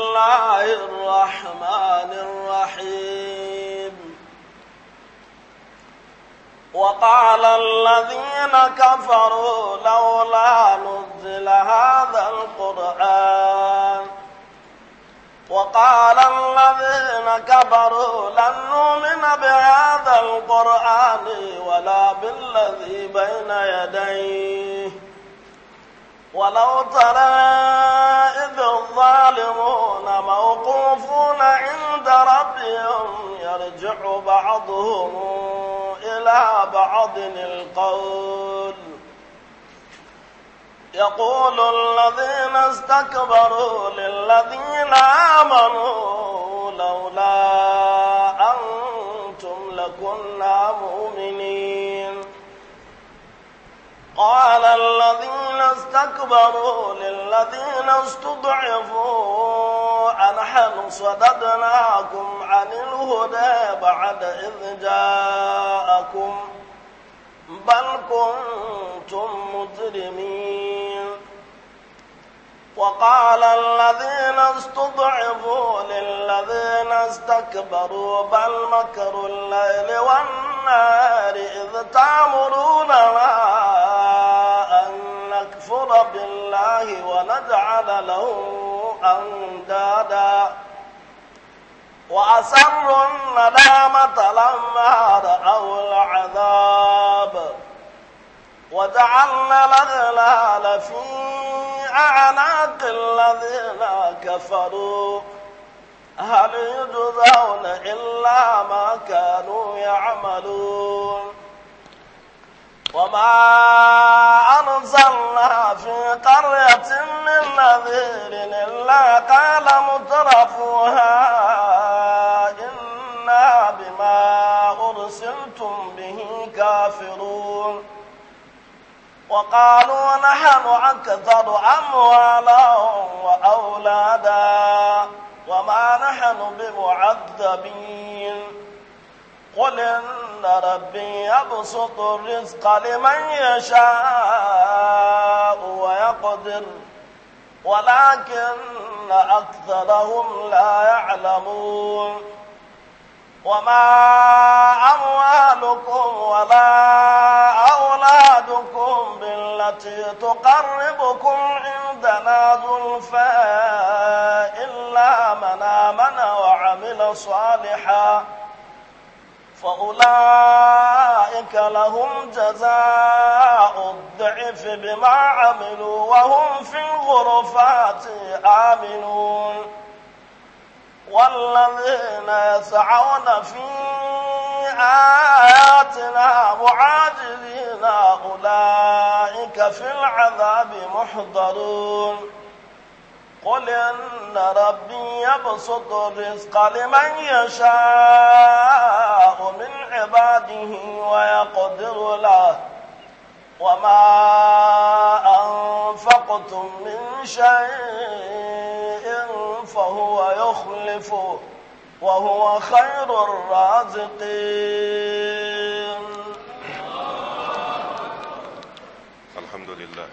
الله الرحمن الرحيم وقال الذين كفروا لولا نزل هذا القرآن وقال الذين كفروا لن نؤمن بهذا القرآن ولا بالذي بين يديه ولو ترى إذ الظالمون موقوفون عند ربهم يرجع بعضهم إلى بعض القول يقول الذين استكبروا للذين آمنوا لولا أنتم لكنا مؤمنين قال الذين استكبروا للذين استضعفوا أنحن صددناكم عن الهدى بعد إذ جاءكم بل كنتم مجرمين وقال الذين استضعفوا للذين استكبروا بل مكروا الليل والنار إذ تامروننا يشرك بالله ونجعل له أندادا وأسر الندامة لما رأوا العذاب وجعلنا الأغلال في أعناق الذين كفروا هل يجزون إلا ما كانوا يعملون وما أنزلنا في قرية من نذير إلا قال مترفوها إنا بما أرسلتم به كافرون وقالوا نحن أكثر أموالا وأولادا وما نحن بمعذبين قل إن ربي يبسط الرزق لمن يشاء ويقدر ولكن أكثرهم لا يعلمون وما أموالكم ولا أولادكم بالتي تقربكم عندنا زلفى إلا من آمن وعمل صالحاً فأولئك لهم جزاء الضعف بما عملوا وهم في الغرفات آمنون والذين يسعون في آياتنا معاجلين أولئك في العذاب محضرون قل إن ربي يبسط الرزق لمن يشاء من عباده ويقدر له وما أنفقتم من شيء فهو يخلف وهو خير الرازقين الحمد لله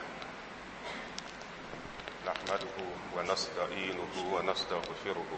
نحمده ونستعينه ونستغفره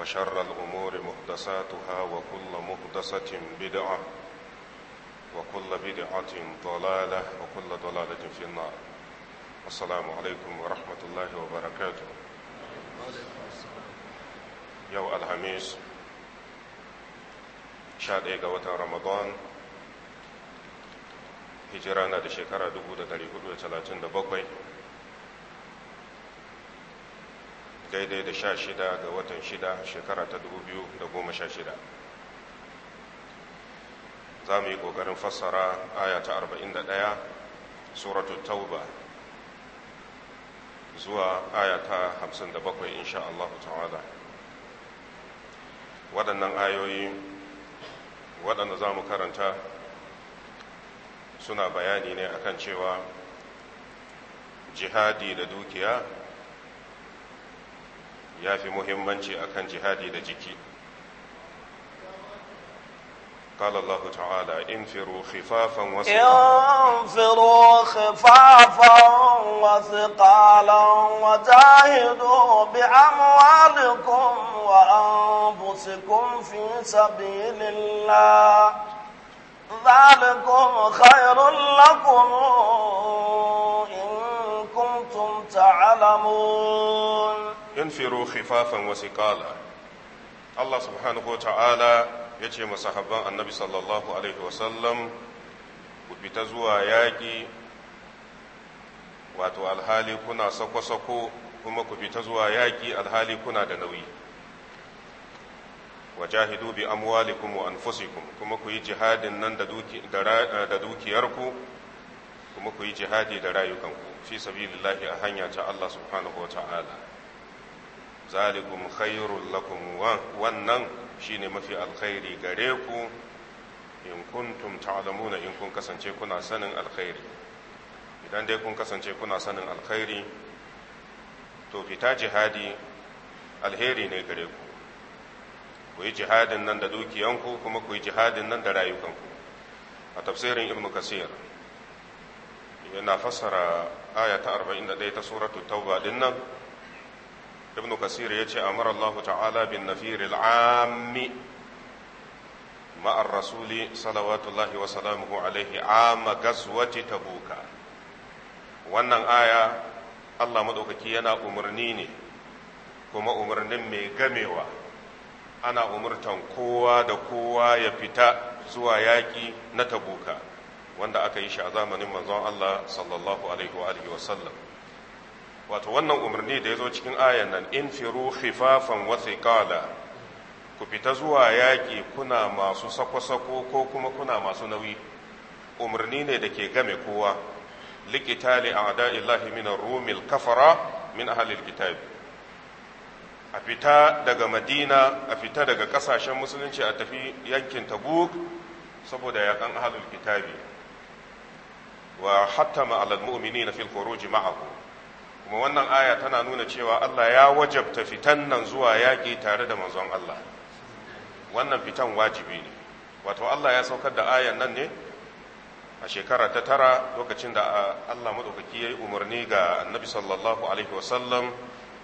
وشر الأمور محدثاتها وكل محدثة بدعة وكل بدعة ضلالة وكل ضلالة في النار السلام عليكم ورحمة الله وبركاته يوم الخميس شاد ايغا وتن رمضان هجرانا da shekara 1437 daidai da sha shida ga watan shida shekara ta dubu biyu da goma sha shida za mu yi ƙoƙarin fassara aya ta arba'in da ɗaya suratu tauba zuwa aya ta hamsin da bakwai insha Allah ta'ala waɗannan ayoyi waɗanda za mu karanta suna bayani ne akan cewa jihadi da dukiya ya fi muhimmanci akan jihadi da jiki قال الله تعالى انفروا خفافا وثقالا انفروا خفافا وثقالا وجاهدوا بأموالكم وأنفسكم في سبيل الله ذلكم خير لكم إن كنتم تعلمون infiru khifafan wa siqala Allah subhanahu wa ta'ala ya ce masahabban annabi sallallahu alaihi wasallam ku fita zuwa yaƙi wato alhali kuna sako-sako kuma ku fita zuwa yaƙi alhali kuna da nauyi wajahidu bi amwalikum wa anfusikum kuma ku yi jihadin nan da dukiyarku kuma ku yi jihadi da rayukanku fi sabilillahi a hanya ta Allah subhanahu wa ta'ala zalikum khairul lakum wannan shine mafi alkhairi gare ku in kuntum ta'lamuna in kun kasance kuna sanin alkhairi idan dai kun kasance kuna sanin alkhairi to fita jihadi alheri ne gare ku ku yi jihadin nan da dukiyanku kuma ku yi jihadin nan da rayukanku a tafsirin ibnu kasir yana fassara aya ta 41 ta suratul tauba din nan ibn kasir ya ce amara allahu ta'ala bin nafiril ammi ma'ar rasuli salawatullahi wa salamuhu alaihi amma gazwati tabuka wannan aya allah maɗaukaki yana umarni ne kuma umarnin mai gamewa ana umurtan kowa da kowa ya fita zuwa yaƙi na tabuka wanda aka yi shi a zamanin manzon allah sallallahu alaihi wa sallam wato wannan umarni da ya zo cikin ayan nan in firu khifafan wa thiqala ku fita zuwa yaƙi kuna masu sako-sako ko kuma kuna masu nauyi umarni ne da ke game kowa likitali a da'illahi min rumil kafara min ahalil kitabi a fita daga madina a fita daga kasashen musulunci a tafi yankin tabuk saboda yakan ahalul kitabi wa hatta ma'alal mu'mini na fil jima'a ma'ahu kuma wannan aya tana nuna cewa Allah ya wajabta fitan nan zuwa yaƙi tare da manzon Allah wannan fitan wajibi ne wato Allah ya saukar da ayan nan ne a shekara ta tara lokacin da ah, Allah maɗaukaki ya yi umarni ga annabi sallallahu alaihi wasallam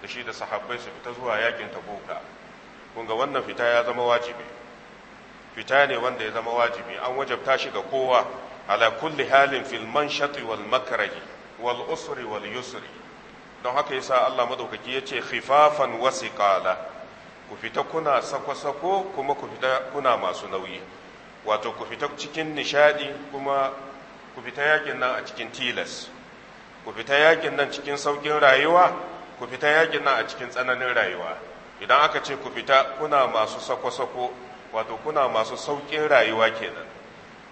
da shi da sahabbai su fita zuwa yaƙin tabuka kun ga wannan fita ya zama wajibi fita ne wanda ya zama wajibi an wajabta shi ga kowa ala kulli halin fil manshati wal makrahi wal usri wal yusri don haka yasa Allah madaukaki ce khifafan wasiqala ku fita kuna sako-sako kuma ku fita kuna masu nauyi wato ku fita cikin nishadi kuma ku fita yakin nan a cikin tilas ku fita yakin nan cikin saukin rayuwa ku fita yakin nan a cikin tsananin rayuwa idan aka ce ku fita kuna masu sako-sako wato kuna masu saukin rayuwa kenan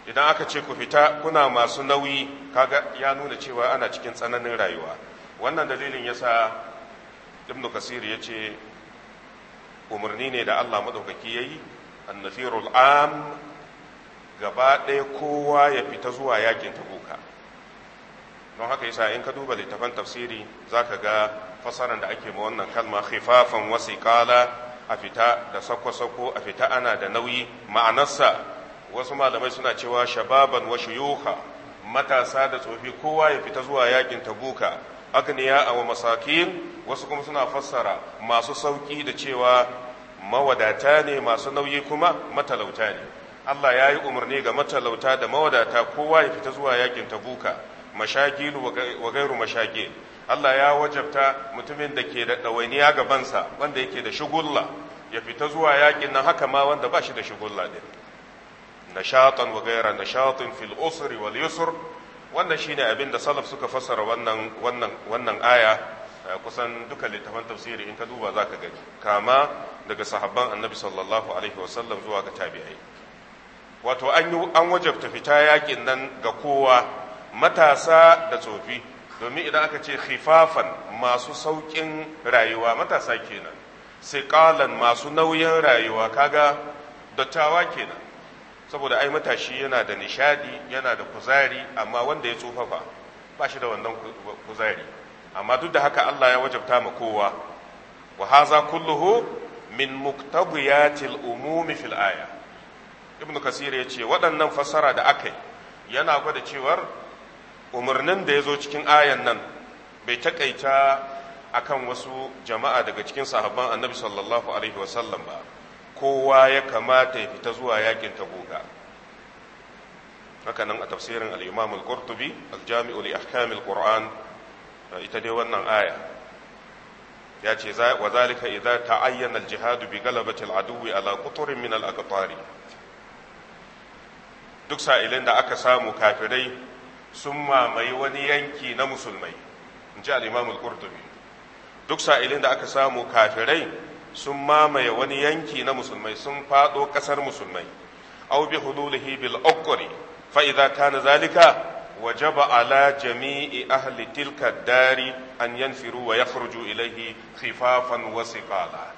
idan aka ce ku fita kuna masu nauyi kaga ya nuna cewa ana cikin tsananin rayuwa wannan dalilin yasa ibnu kasir ya ce umarni ne da allah maɗaukaki ya yi annafirul am gaba ɗaya kowa ya fita zuwa yakin tabuka don haka yasa in ka duba littafan tafsiri za ka ga fasaran da ake ma wannan kalma khifafan wasiƙala a fita da sako-sako a fita ana da nauyi ma'anarsa wasu malamai suna cewa shababan wa matasa da tsofi kowa ya fita zuwa yakin tabuka agniya a wa masakin wasu kuma suna fassara masu sauki da cewa mawadata ne masu nauyi kuma matalauta ne Allah ya yi umarni ga matalauta da mawadata kowa ya fita zuwa yakin tabuka mashagilu wa gairu mashagil Allah ya wajabta mutumin da ke da ɗawainiya gabansa wanda yake da shugulla ya fita zuwa yakin nan haka ma wanda ba shi da shugulla ne. nashatan wa gaira nashatin fil usri wal yusr wannan shine abin da salaf suka fassara wannan wannan wannan aya eh, kusan duka littafan tafsiri in ka duba za ka gani kama daga sahabban annabi sallallahu alaihi wasallam zuwa ga tabi'ai wato an yi an wajabta fita yakin nan ga kowa matasa da tsofi domin idan aka ce khifafan masu sauƙin rayuwa matasa kenan siƙalan masu nauyin rayuwa kaga dattawa kenan saboda ai matashi yana da nishadi yana da kuzari amma wanda ya tsufafa ba shi da wannan kuzari amma duk da haka Allah ya wajabta ma kowa wa haza kulluhu min muqtadiyatil umumi fil aya ibnu kasir ya ce waɗannan fassara da aka yi yana gwada cewar umarnin da ya zo cikin ayan nan bai taƙaita akan wasu jama'a daga cikin sahabban annabi sallallahu alaihi wasallam ba kowa ya kamata ya fita zuwa yakin tabuka haka nan a tafsirin al al-qurtubi al-jami'u ahkam al-qur'an eh, ita dai wannan aya ya ce wa zalika ta ayyana al-jihad bi galabatil aduwi ala qutrin min al-aqtari duk sa'ilin da aka samu kafirai sun mamaye wani yanki na musulmai in ji al al-qurtubi duk sa'ilin da aka samu kafirai sun mamaye wani yanki na musulmai sun fado kasar musulmai au bi hudulihi bil uqri fa idza kana zalika wajaba ala jami'i ahli tilka dari an yanfiru wa yakhruju ilayhi khifafan wa siqala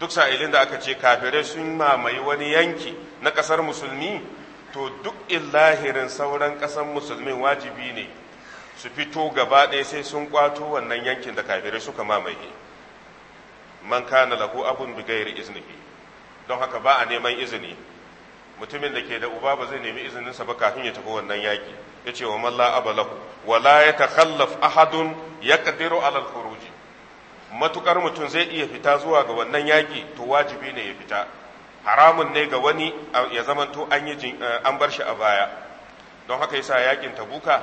duk sa'ilin da aka ce kafirai sun mamaye wani yanki na kasar musulmi to duk illahirin sauran kasar musulmi wajibi ne su fito gaba ɗaya sai sun kwato wannan yankin da kafirai suka mamaye man kana lahu abun bi ghairi iznihi don haka ba a neman izini mutumin da ke da uba ba zai nemi sa ba kafin ya tafi wannan yaki yace wa man la abalahu wa la yatakhallaf ahadun yaqdiru ala al-khuruj matukar mutum zai iya fita zuwa ga wannan yaki to wajibi ne ya fita haramun ne ga wani ya zamanto an yi eh, an bar shi a baya don haka yasa yakin tabuka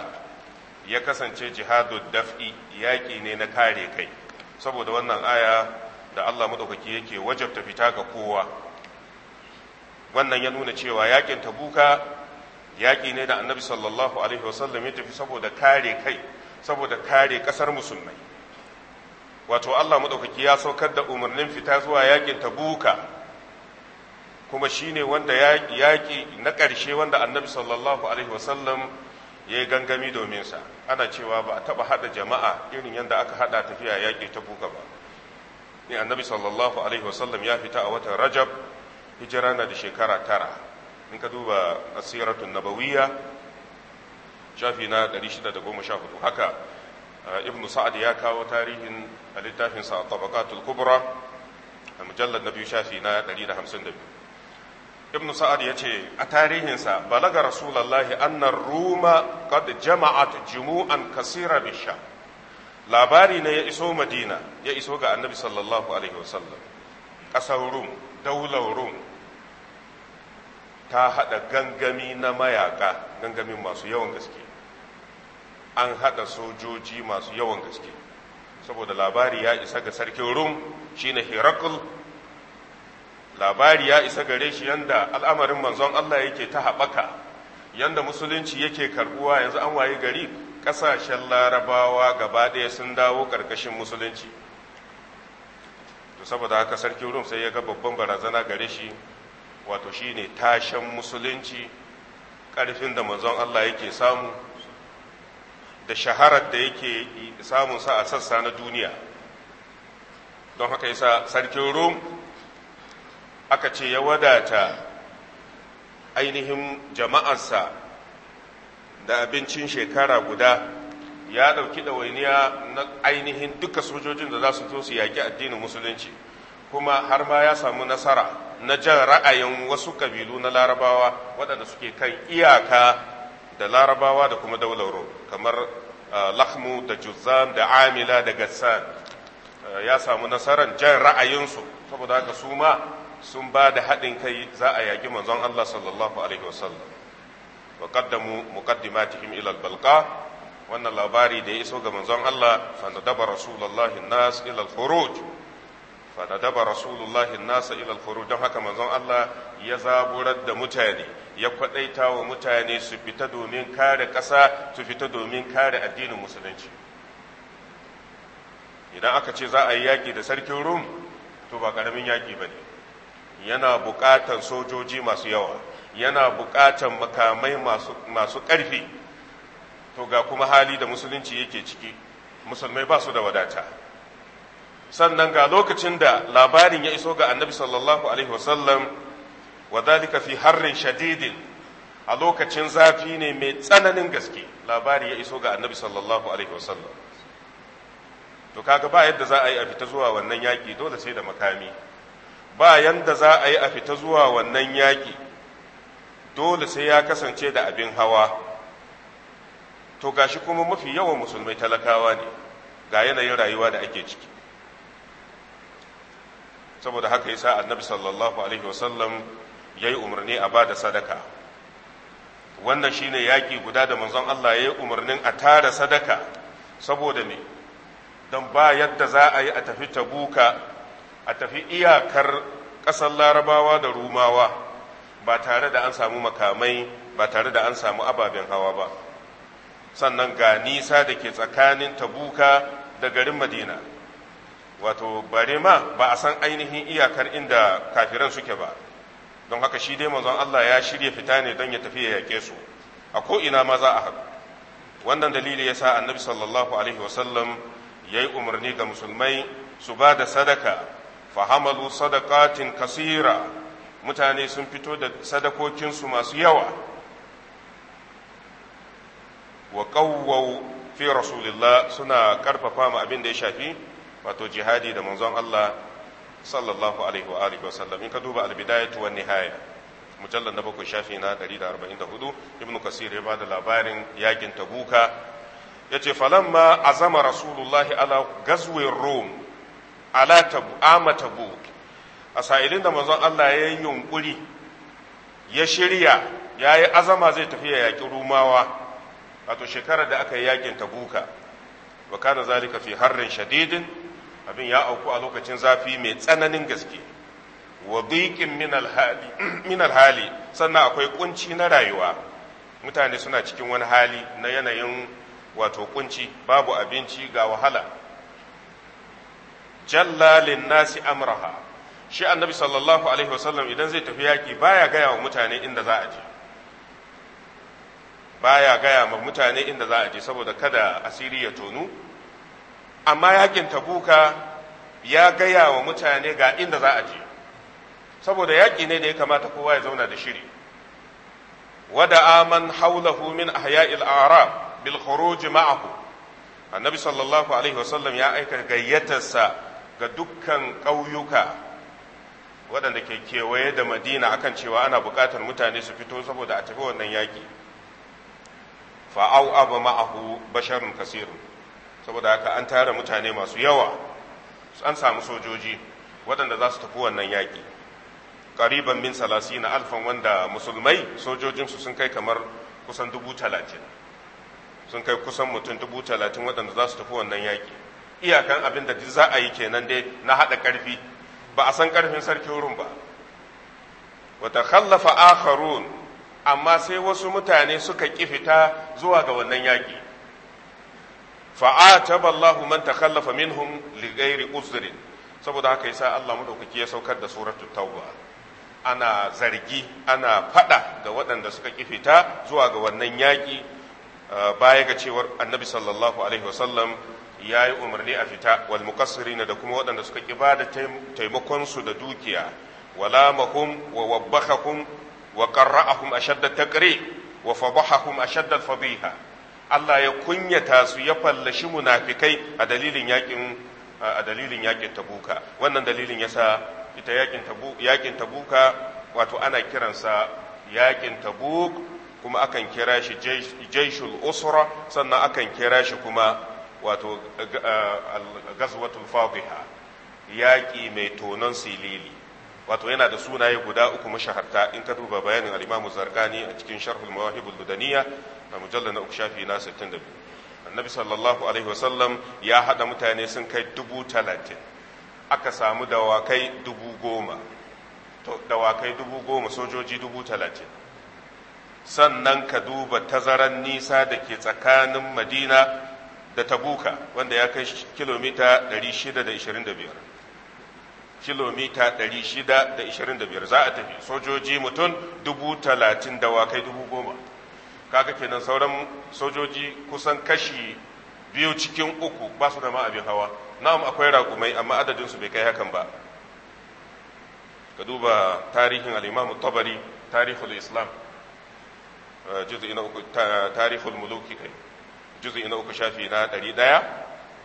ya kasance jihadud daf'i yaki ne na kare kai saboda wannan aya da Allah madaukaki yake wajabta fita ga kowa wannan ya nuna cewa yakin tabuka yaki ne da annabi sallallahu alaihi wasallam ya tafi saboda kare kai saboda kare ƙasar musulmai wato Allah madaukaki ya saukar da umarnin fita zuwa yakin tabuka kuma shine wanda yaƙi na ƙarshe wanda annabi sallallahu alaihi wasallam ya yi gangami domin sa ana cewa ba a taɓa haɗa jama'a irin yadda aka haɗa tafiya yaƙi ta buka ba ne annabi sallallahu alaihi wasallam ya fita a watan rajab hijira na da shekara tara in ka duba asiratun nabawiyya shafi na 614 haka uh, ibnu sa'ad ya kawo tarihin a littafinsa a tabaqatul kubra a mujallar na biyu shafi na 152 ibnu sa'ad ya ce a tarihinsa balaga rasulallahi annar ruma qad jama'at jumu'an kasira bisha labari ne ya iso madina ya iso ga annabi sallallahu alaihi wasallam ƙasar rum daular rum ta haɗa gangami na mayaƙa, gangamin masu yawan gaske an haɗa sojoji masu yawan gaske saboda labari ya isa ga sarkin rum shine herakl labari ya isa gare shi yanda al'amarin manzon allah yake ta haɓaka yanda musulunci yake karbuwa yanzu an waye gari ƙasashen larabawa gaba ɗaya sun dawo ƙarƙashin musulunci to saboda haka sarki rum sai ya ga babban barazana gare shi wato shine tashen musulunci ƙarfin da manzon allah yake samu da shaharar da yake sa a sassa na duniya don haka yasa sarkin rum aka ce ya wadata ainihin jama'arsa da abincin shekara guda ya ɗauki ɗawainiya na ainihin duka sojojin da za su zo su yaƙi addinin musulunci kuma har ma ya samu nasara na jan ra'ayin wasu kabilu na larabawa waɗanda suke kan iyaka da larabawa da kuma daular kamar lahmu da juzam da amila da gassan ya samu nasarar jan ra'ayinsu saboda haka su ma sun ba da haɗin kai za a yaƙi manzon allah sallallahu alaihi wasallam wa qaddamu muqaddimatihim ila al-balqa wannan labarin da ya iso ga manzon Allah fa nadaba rasulullahi nas ila al-khuruj fa nadaba rasulullahi nas ila al don haka manzon Allah ya zaburar da mutane ya kwadaita wa mutane su fita domin kare ƙasa su fita domin kare addinin musulunci idan aka ce za a yi yaƙi da sarkin rum to ba ƙaramin yaƙi ba ne yana buƙatan sojoji masu yawa yana buƙatan makamai masu ƙarfi to ga kuma hali da musulunci yake ciki musulmai ba su da wadata sannan ga lokacin da labarin ya iso ga annabi sallallahu alaihi wasallam wa dalika fi harrin shadidin a lokacin zafi ne mai tsananin gaske labari ya iso ga annabi sallallahu alaihi wasallam to kaga ba yadda za a yi a fita zuwa wannan yaƙi dole sai da makami ba yanda za a yi a fita zuwa wannan yaƙi dole sai ya kasance da abin hawa to gashi kuma mafi yawan musulmai talakawa ne ga yanayin rayuwa da ake ciki saboda haka yasa annabi sallallahu alaihi wasallam yayi umarni a bada sadaka wannan shine yaki guda da manzon Allah yayi umarnin a tara sadaka saboda me don ba yadda za a yi a tafi tabuka a tafi iyakar ƙasar larabawa da rumawa ba tare da an samu makamai ba tare da an samu ababen hawa ba sannan ga nisa da ke tsakanin tabuka da garin madina wato barema ba a san ainihin iyakar inda kafiran suke ba don haka shi dai manzon Allah ya shirya fita ne don ya tafi ya yaƙe su a ko'ina ma za a haɗu wannan dalili ya sa annabi sallallahu alaihi wasallam ya yi umarni ga musulmai su ba da sadaka fahamalu sadakatin kasira mutane sun fito da sadakokinsu masu yawa wa qawwau fi rasulillah suna karfafa mu abin da ya shafi wato jihadi da manzon Allah sallallahu alaihi wa alihi wasallam in ka duba al-bidayatu wan nihaya mujallal na bakwai shafi na 144 ibnu kasir ya bada labarin yakin tabuka yace falamma azama rasulullahi ala gazwin rum ala tabu ama tabuk a sa'ilin da manzon Allah ya yi yunkuri ya shirya ya yi azama zai tafi ya yaƙi rumawa wato shekarar da aka yi yaƙin tabuka wa da zalika fi harrin shadidin abin ya auku a lokacin zafi mai tsananin gaske wa biqin min alhali sannan akwai kunci na rayuwa mutane suna cikin wani hali na yanayin wato kunci babu abinci ga wahala jallalin nasi amraha shi annabi sallallahu alaihi wasallam idan zai tafi yaki baya gaya wa mutane inda za a je baya gaya ma mutane inda za a je saboda kada asiri ya tonu amma yakin tabuka ya gaya wa mutane ga inda za a je saboda yaki ne da ya kamata kowa ya zauna da shiri wada aman haulahu min ahya'il arab bil khuruj ma'ahu annabi sallallahu alaihi wasallam ya aika gayyatarsa ga dukkan ƙauyuka waɗanda ke kewaye da madina akan cewa ana buƙatar mutane su fito saboda a tafi wannan yaƙi fa'au abu ma'ahu basharun kasirun saboda haka an tara mutane masu yawa an samu sojoji waɗanda za su tafi wannan yaƙi ƙariban min salasi na alfan wanda musulmai sojojinsu sun kai kamar kusan dubu talatin sun kai kusan mutum dubu talatin waɗanda za su tafi wannan yaƙi iyakan abin da za a yi kenan dai na haɗa ƙarfi ba a san ƙarfin sarkin wurin ba wata khallafa akharun amma sai wasu mutane suka ƙi fita zuwa ga wannan yaƙi fa'ataba Allahu man takhallafa minhum li ghairi uzrin saboda haka yasa Allah madaukaki ya saukar da suratul tauba ana zargi ana fada ga waɗanda suka ƙi fita zuwa ga wannan yaƙi eh, baya ga cewar annabi sallallahu alaihi wasallam ya yi umarni a fita wal muqassirina da kuma waɗanda suka ƙi ba da taimakonsu da dukiya wala mahum wa wabbakahum wa qarra'ahum ashadda taqri wa fadahahum ashadda fadiha Allah ya kunyata su ya fallashi munafikai a dalilin yakin a dalilin yakin tabuka wannan dalilin yasa ita yakin tabu yakin tabuka wato ana kiransa yakin tabuk kuma akan kira shi jaishul usra sannan akan kira shi kuma wato gazwatul fadiha yaƙi mai tonon silili wato yana da sunaye guda uku mashaharta in ka duba bayanin al-Imam Zarqani a cikin Sharh al-Mawahib al-Budaniyya a mujallal na uku shafi na 62 Annabi sallallahu alaihi wa sallam ya hada mutane sun kai dubu talatin aka samu dawakai dubu goma to dawakai dubu goma sojoji dubu talatin sannan ka duba tazaran nisa da ke tsakanin Madina da tabuka wanda ya kai kilomita 625 kilomita 625 za a tafi sojoji mutum dubu talatin kai dubu goma kaga kenan sauran sojoji kusan kashi biyu cikin uku ba su da ma abin hawa na'am akwai raƙumai amma adadinsu bai kai hakan ba ka duba tarihin al'imamu tabari tarihul islam eh, juz'i na uku tarihul muluki kai juz'i na uku shafi na ɗari ɗaya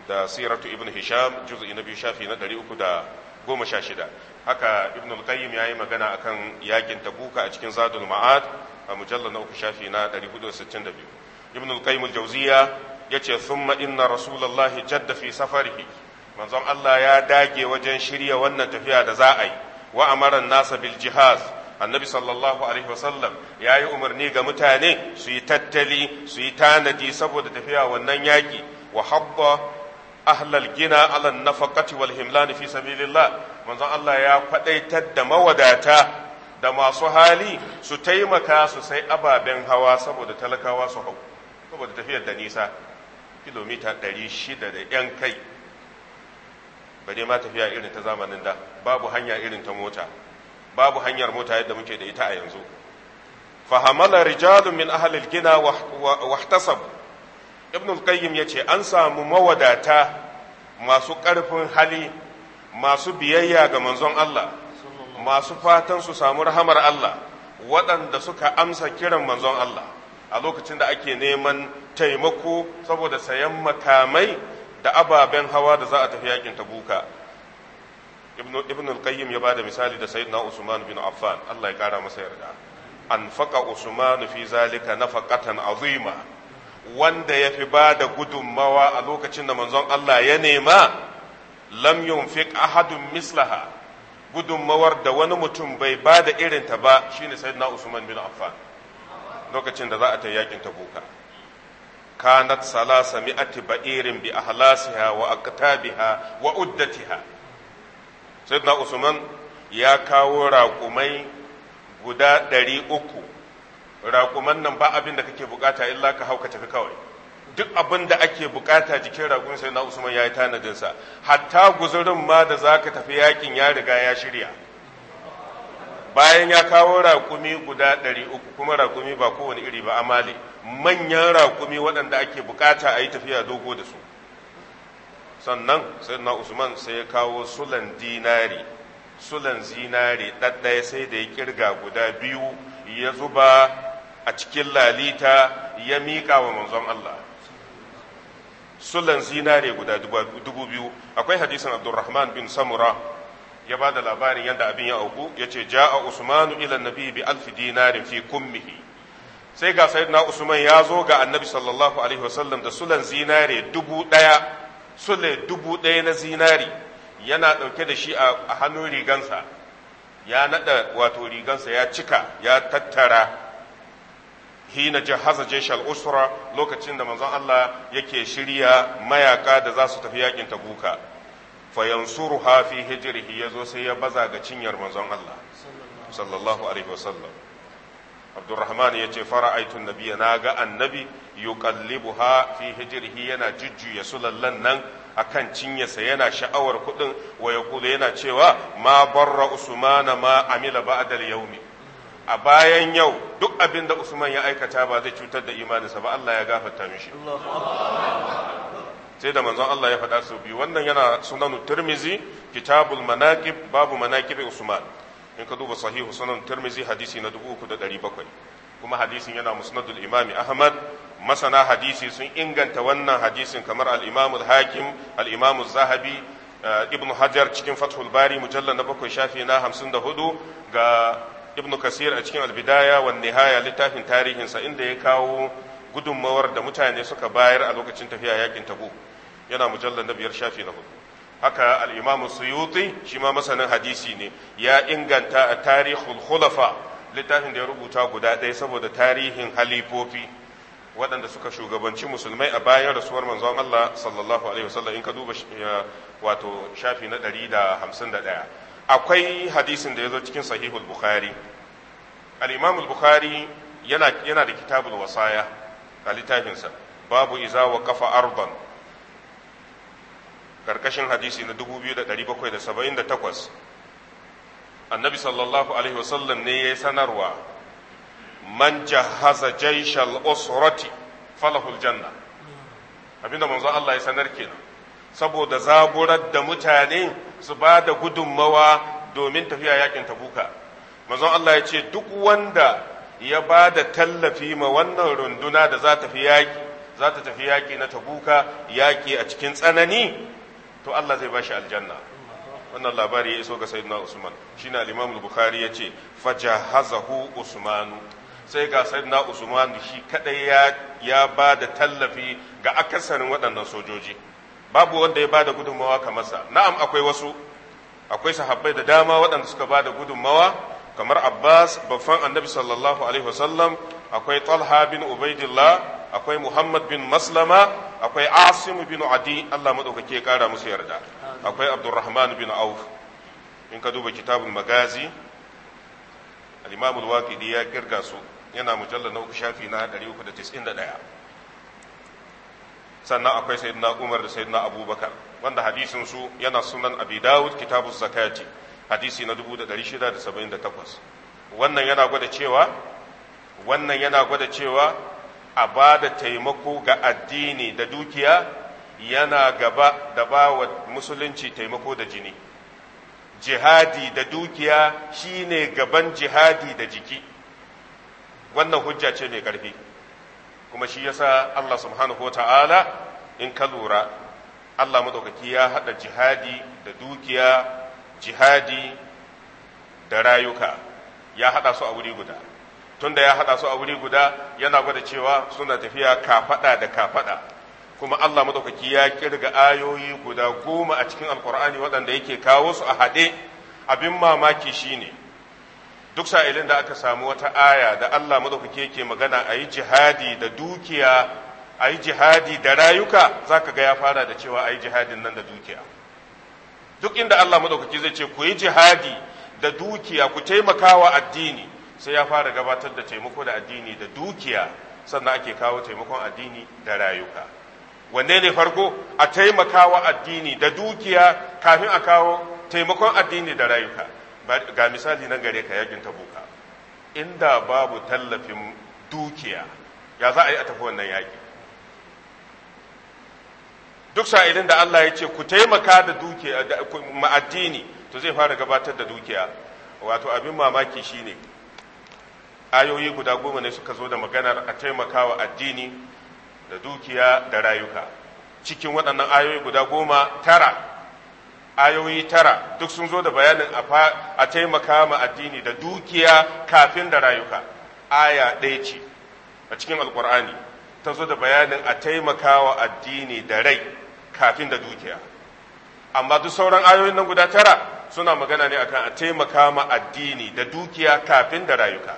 da siratu ibn hisham juz'i na biyu shafi na ɗari uku da goma sha shida haka ibn al-qayyim ya yi magana akan yakin tabuka a cikin zadul ma'ad a mujallar na uku shafi na ɗari hudu sittin da biyu ibn al-qayyim al-jawziya ya ce thumma inna rasulullahi jadda fi safarihi manzon Allah ya dage wajen shirya wannan tafiya da za a yi wa amaran nasa bil jihaz annabi sallallahu alaihi wasallam ya yi umarni ga mutane su yi tattali su yi tanadi saboda tafiya wannan yaƙi wa habba ahlal gina ala nafaqati wal himlani fi sabilillah manzon Allah ya kwadaitar da mawadata da masu hali su taimaka su sai ababen hawa saboda talakawa su hau saboda tafiyar da nisa kilomita 600 da yan kai bare ma tafiya irin ta zamanin da babu hanya irin ta mota babu hanyar mota yadda muke da ita a yanzu fahamala rijalun min ahlil gina wahtasab ibn al-qayyim yace an samu mawadata masu ƙarfin hali masu biyayya ga manzon Allah masu fatan su samu rahamar Allah waɗanda suka amsa kiran manzon Allah a lokacin da ake neman taimako saboda sayan makamai da ababen hawa da za a tafi yakin tabuka ibn al-qayyim ya bada misali da sayyidina usman bin affan Allah ya kara masa yarda anfaqa usman fi zalika nafaqatan azima wanda ya fi bada gudunmawa a lokacin da manzon Allah ya nema lam yunfiq ahadun mislaha gudunmawar da wani mutum bai bada irin ta ba shine sayyidina usman bin affan lokacin da za a ta yakin tabuka kanat salasa mi'ati ba'irin bi ahlasiha wa aqtabiha wa uddatiha sayyidina usman ya kawo raƙumai guda ɗari uku raƙuman nan ba abin da kake bukata illa ka hauka tafi kawai duk abin da ake bukata jikin raƙumin sayyidina usman ya yi tanadinsa hatta guzurin ma da za ka tafi yakin ya riga ya shirya bayan ya kawo raƙumi guda ɗari uku kuma raƙumi ba kowane iri ba amali manyan raƙumi waɗanda ake bukata a yi tafiya dogo da su sannan sayyidina usman sai ya kawo sulan dinari sulan zinari ɗaɗɗaya sai da ya kirga guda biyu ya zuba a cikin lalita ya miƙa wa manzon Allah sulan zinari guda dubu biyu akwai hadisin abdurrahman bin samura ya ba da labarin yadda abin ya auku ya ce a usmanu ila nabi bi alfi dinarin fi kummihi sai ga sayyidina usman ya zo ga annabi sallallahu alaihi wasallam da sulan zinare dubu ɗaya sule dubu ɗaya na zinari yana ɗauke da shi a hannun rigansa ya naɗa wato rigansa ya cika ya tattara hina jahaza jeshal usra lokacin da manzon Allah yake shirya mayaka da za su tafi yakin tabuka fayansuruha fi hijrihi yazo sai ya baza ga cinyar manzon Allah sallallahu alaihi wasallam abdurrahman yace fara'aitun na ga annabi yuqallibuha fi hijrihi yana jujjuya sulallan nan akan cinyarsa yana sha'awar kuɗin wa yana cewa ma barra usmana ma amila ba'da al a bayan yau duk abin da usman ya aikata ba zai cutar da imaninsa ba Allah ya gafarta mishi sai da manzon Allah ya faɗa sau biyu wannan yana sunan tirmizi kitabul manaqib babu manaqib usman in ka duba sahihu sunan tirmizi hadisi na 3700 kuma hadisin yana musnadul imami ahmad masana hadisi sun inganta wannan hadisin kamar al hakim al zahabi eh, ibn hajar cikin fathul bari mujallar na bakwai shafi na hamsin da hudu ga ibn kasir a cikin albidaya wanne haya littafin tarihinsa inda ya kawo gudunmawar da mutane suka bayar a lokacin tafiya yakin tabu yana mujallar na biyar shafi na hudu haka al'imamu suyuti shi ma masanin hadisi ne ya inganta a tarihul khulafa littafin da ya rubuta guda ɗaya saboda tarihin halifofi waɗanda suka shugabanci musulmai a bayan rasuwar manzon Allah sallallahu alaihi wasallam in ka duba wato shafi na 151 akwai hadisin da ya zo cikin sahihul bukhari al-imam al-bukhari yana yana da kitabul wasaya a littafinsa babu iza wa kafa ardan karkashin hadisi na 2778 annabi sallallahu alaihi wasallam ne ya sanarwa man jahaza jaishal usrati falahul janna abinda manzo Allah ya sanar kenan saboda zaburar da mutane su ba da gudunmawa domin tafiya yakin tabuka manzon Allah ya ce duk wanda ya ba da tallafi ma wannan runduna da za ta fi yaki za ta tafi yaki na tabuka yaki a cikin tsanani to Allah zai bashi aljanna wannan labari ya iso ga sayyidina Usman shine al-Imam al-Bukhari yace fajahazahu Usmanu sai ga sayyidina usman shi kadai ya ya ba da tallafi ga akasarin waɗannan sojoji babu wanda ya ba da gudunmawa kamar sa na'am akwai wasu akwai sahabbai da dama waɗanda suka ba da gudunmawa kamar abbas babban annabi sallallahu alaihi wasallam akwai talha bin ubaidillah akwai muhammad bin maslama akwai asim bin adi allah maɗaukake ya kara musu yarda akwai abdurrahman bin auf in ka duba kitabul magazi al-imam al-waqidi ya kirga su yana mujallar na uku shafi na 391 sannan akwai na umar da na abubakar wanda hadisin su yana sunan abi dawud kitabu zakati hadisi na 1678 wannan yana gwada cewa wannan yana gwada cewa a ba da taimako ga addini da dukiya yana gaba da ba wa musulunci taimako da jini jihadi da dukiya shine gaban jihadi da jiki wannan hujja ce mai ƙarfi kuma shi yasa Allah subhanahu wa ta'ala in ka lura Allah maɗaukaki ya haɗa jihadi da dukiya jihadi da rayuka ya haɗa su a wuri guda tunda ya haɗa su a wuri guda yana gwada cewa suna tafiya kafaɗa da kafaɗa kuma Allah maɗaukaki ya kirga ayoyi guda goma a cikin alkur'ani waɗanda yake kawo su a haɗe abin mamaki shine ne duk sa'ilin da aka samu wata aya da Allah madaukake yake magana a yi jihadi da dukiya a yi jihadi da rayuka za ka ga ya fara da cewa a yi jihadin nan da dukiya duk inda Allah madaukake zai ce ku yi jihadi da dukiya ku taimakawa addini sai ya fara gabatar da taimako da addini da dukiya sannan ake kawo taimakon addini da rayuka wanne ne farko a taimakawa addini da dukiya kafin a kawo taimakon addini da rayuka ga misali na gare ka yakin tabuka inda babu tallafin dukiya ya za a yi a tafi wannan yaki duk sa'idin da Allah ya ce ku taimaka da dukiya ma'addini to zai fara gabatar da dukiya wato abin mamaki shine ayoyi guda goma ne suka zo da maganar a taimakawa addini da dukiya da rayuka cikin waɗannan ayoyi guda goma tara ayoyi tara duk sun zo da bayanin a taimaka ma addini da dukiya kafin da rayuka aya ɗaya ce a cikin alkur'ani ta zo da bayanin a taimaka wa addini da rai kafin da dukiya amma duk sauran ayoyin nan guda tara suna magana ne akan a taimaka ma addini da dukiya kafin da rayuka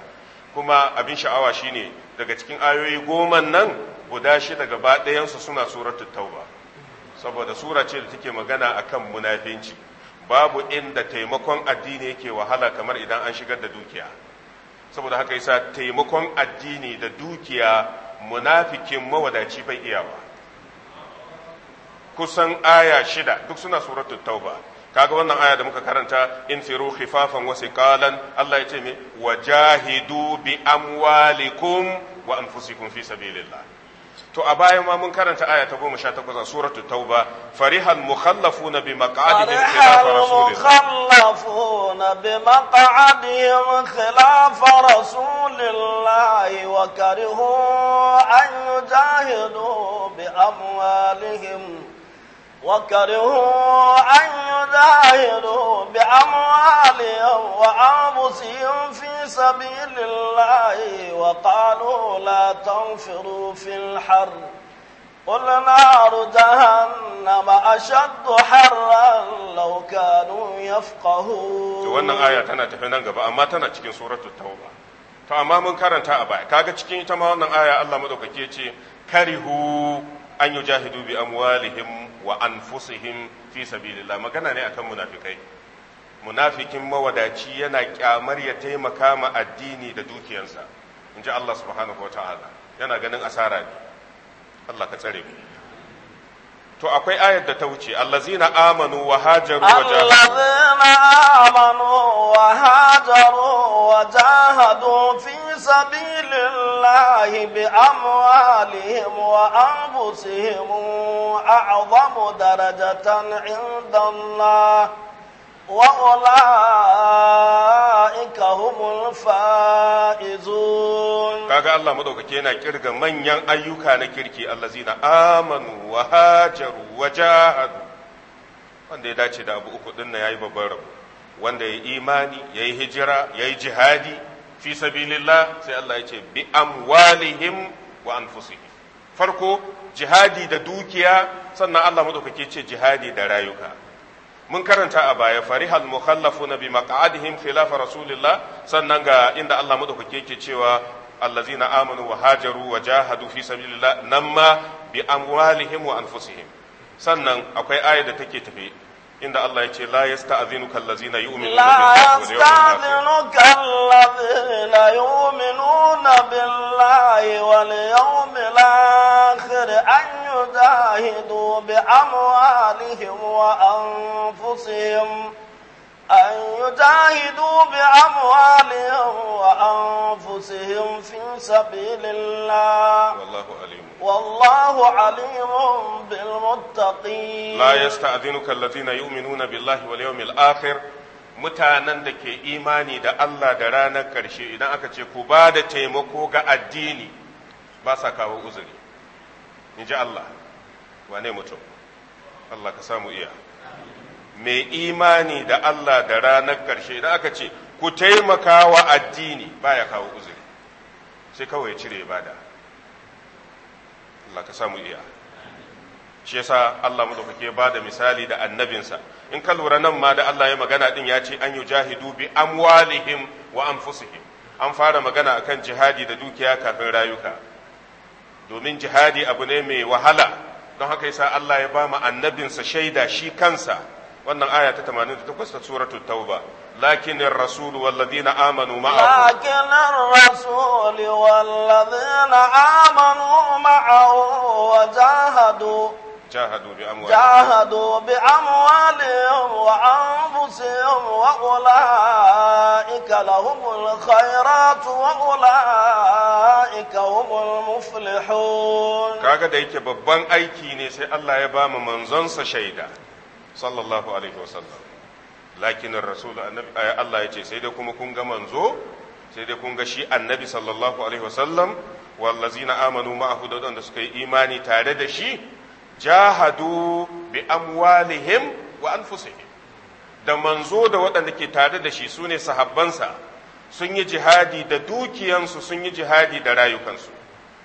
kuma abin sha'awa shine daga cikin ayoyi goma nan guda shida gaba ɗayansu suna suratul tauba saboda sura ce da take magana akan munafinci babu inda taimakon addini yake wahala kamar idan an shigar da dukiya saboda haka yasa taimakon addini da dukiya munafikin mawadaci bai iya ba kusan aya shida duk suna suratul tauba kaga wannan aya da muka karanta in firu khifafan wa siqalan Allah ya ce me wajahidu bi amwalikum wa anfusikum fi sabilillah to a baya ma mun karanta aya ta goma sha takwas a suratul tauba farihal mukhallafuna bi maq'adihim khilafa rasulillah bi maq'adihim khilafa rasulillah wa karihu an yujahidu bi amwalihim وكرهوا أن يداهنوا بأموالهم وأنفسهم في سبيل الله وقالوا لا تنفروا في الحر قل نار جهنم أشد حرا لو كانوا يفقهون wannan aya tana tafi nan gaba amma tana cikin suratul tauba to amma mun karanta a baya kaga cikin ita ma wannan aya Allah madaukake ce karihu an yujahidu bi amwalihim wa anfusihim fi sabilillah magana ne akan munafikai munafikin mawadaci yana kyamar ya taimaka ma addini da dukiyansa in ji Allah subhanahu wa ta'ala yana ganin asara ne Allah ka tsare mu to akwai ayar da ta wuce allazina amanu wa hajaru wa jahadu allazina amanu wa hajaru wa jahadu fi sabilillahi bi amwalihim wa anfusihim a'zamu darajatan 'inda Allah wa’ula’ika Allah fa’izun kaga Allah مدوكاكي yana kirga manyan ayyuka na kirki Allah zina amanu wa hajaru wa jahadu wanda ya dace da abu uku na ya yi babban rabu, wanda ya imani ya yi hijira ya yi jihadi fi sabilillah sai Allah ya ce bi amwalihim wa anfusihim farko jihadi da dukiya sannan Allah madaukake ce jihadi da rayuka mun karanta a baya farihal mukhallafuna bi maq'adihim khilafa rasulillah sannan ga inda Allah madaukake yake cewa allazina amanu wa hajaru wa jahadu fi sabilillah nan ma bi amwalihim wa anfusihim sannan akwai aya da take tafe inda Allah ya ce la yasta'zinuka allazina yu'minuna la yasta'zinuka allazina yu'minuna billahi wal yawmil akhir an bi amwalihim wa anfusihim أن يجاهدوا بأموالهم وأنفسهم في سبيل الله والله عليم والله عليم بالمتقين لا يستأذنك الذين يؤمنون بالله واليوم الآخر mutanen da ke imani da Allah da ranar ƙarshe idan aka ce ku ba da taimako ga addini ba sa kawo uzuri in ji Allah wane mutum Allah ka samu iya mai imani da Allah da ranar ƙarshe da aka ce ku taimaka wa addini ya kawo uzuri sai kawai cire ibada Allah ka samu iya shi yasa Allah mu dauke ba da misali da annabinsa in ka lura nan ma da Allah ya magana din ya ce an yujahidu bi amwalihim wa anfusihim an fara magana akan jihadi da dukiya kafin rayuka domin jihadi abu ne mai wahala don haka yasa Allah ya ba mu annabinsa shaida shi kansa wannan aya ta 88 ta suratul tauba lakin ar-rasul wal ladina amanu ma'ahu lakin ar-rasul wal ladina amanu ma'ahu wa jahadu jahadu bi amwalihim jahadu bi amwalihim wa anfusihim wa ulaika lahumul khairat wa ulaika humul muflihun kaga da yake babban aiki ne sai Allah ya ba mu manzon sa shaida sallallahu alaihi wasallam lakinin rasul annabi eh, Allah ya ce sai dai kuma kun ga manzo sai dai kun ga shi annabi sallallahu alaihi wasallam wallazina amanu ma'ahu da wadanda suka yi imani tare da shi jahadu bi amwalihim wa anfusihim da manzo da waɗanda ke tare da shi sune sahabbansa sun yi jihadi da dukiyansu sun yi jihadi da rayukansu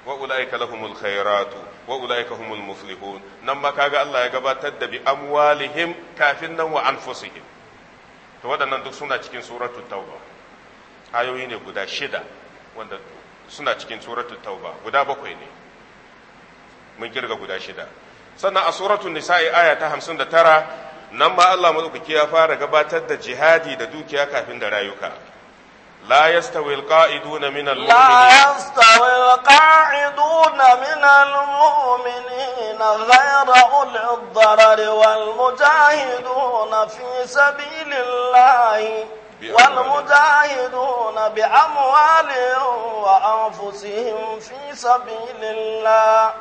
wa ulaika lahumul khairatu wa ulaika humul muflihun nan ma kaga Allah ya gabatar da bi amwalihim kafin nan wa anfusihim to waɗannan duk suna cikin suratul tauba ayoyi ne guda shida wanda suna cikin suratul tauba guda bakwai ne mun kirga guda shida sannan a suratul nisa'i aya ta tara nan ma Allah madaukaki ya fara gabatar da jihadi da dukiya kafin da rayuka لا يستوي القائدون من المؤمنين لا يستوي القاعدون من المؤمنين غير أولي الضرر والمجاهدون في سبيل الله والمجاهدون بأموالهم وأنفسهم في سبيل الله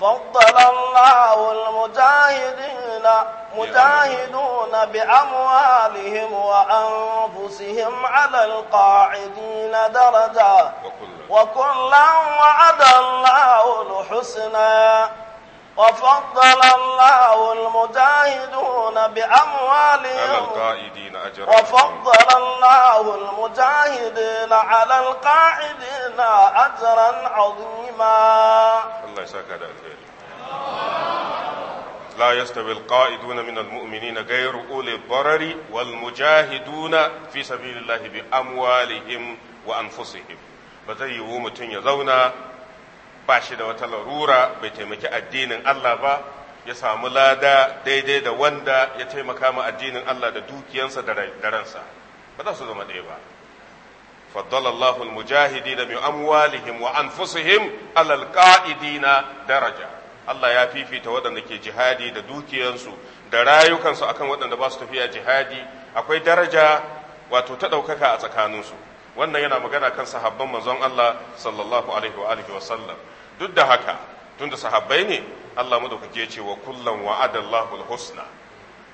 فضل الله المجاهدين مجاهدون بأموالهم وأنفسهم على القاعدين درجة وكلا وعد الله الحسنى وفضل الله المجاهدون بأموالهم وفضل الله المجاهدين على القاعدين أجرا عظيما الله يساك هذا الخير لا يستوي القائدون من المؤمنين غير أولي الضرر والمجاهدون في سبيل الله بأموالهم وأنفسهم بزي يوم تنيا ba shi da wata larura bai taimaki addinin Allah ba ya samu lada daidai da wanda ya taimaka ma addinin Allah da dukiyansa da ransa ba za su zama ɗaya ba faddala Allah mujahidi da mai amwalihim wa anfusihim alal qa'idina daraja Allah ya fifita waɗanda ke jihadi da dukiyansu da rayukansu akan waɗanda ba su tafiya jihadi akwai daraja wato ta ɗaukaka a tsakaninsu wannan yana magana kan sahabban manzon Allah sallallahu alaihi wa alihi wa sallam duk da haka tun da sahabbai ne Allah madaukake ya ce wa kullum wa'adallahu al-husna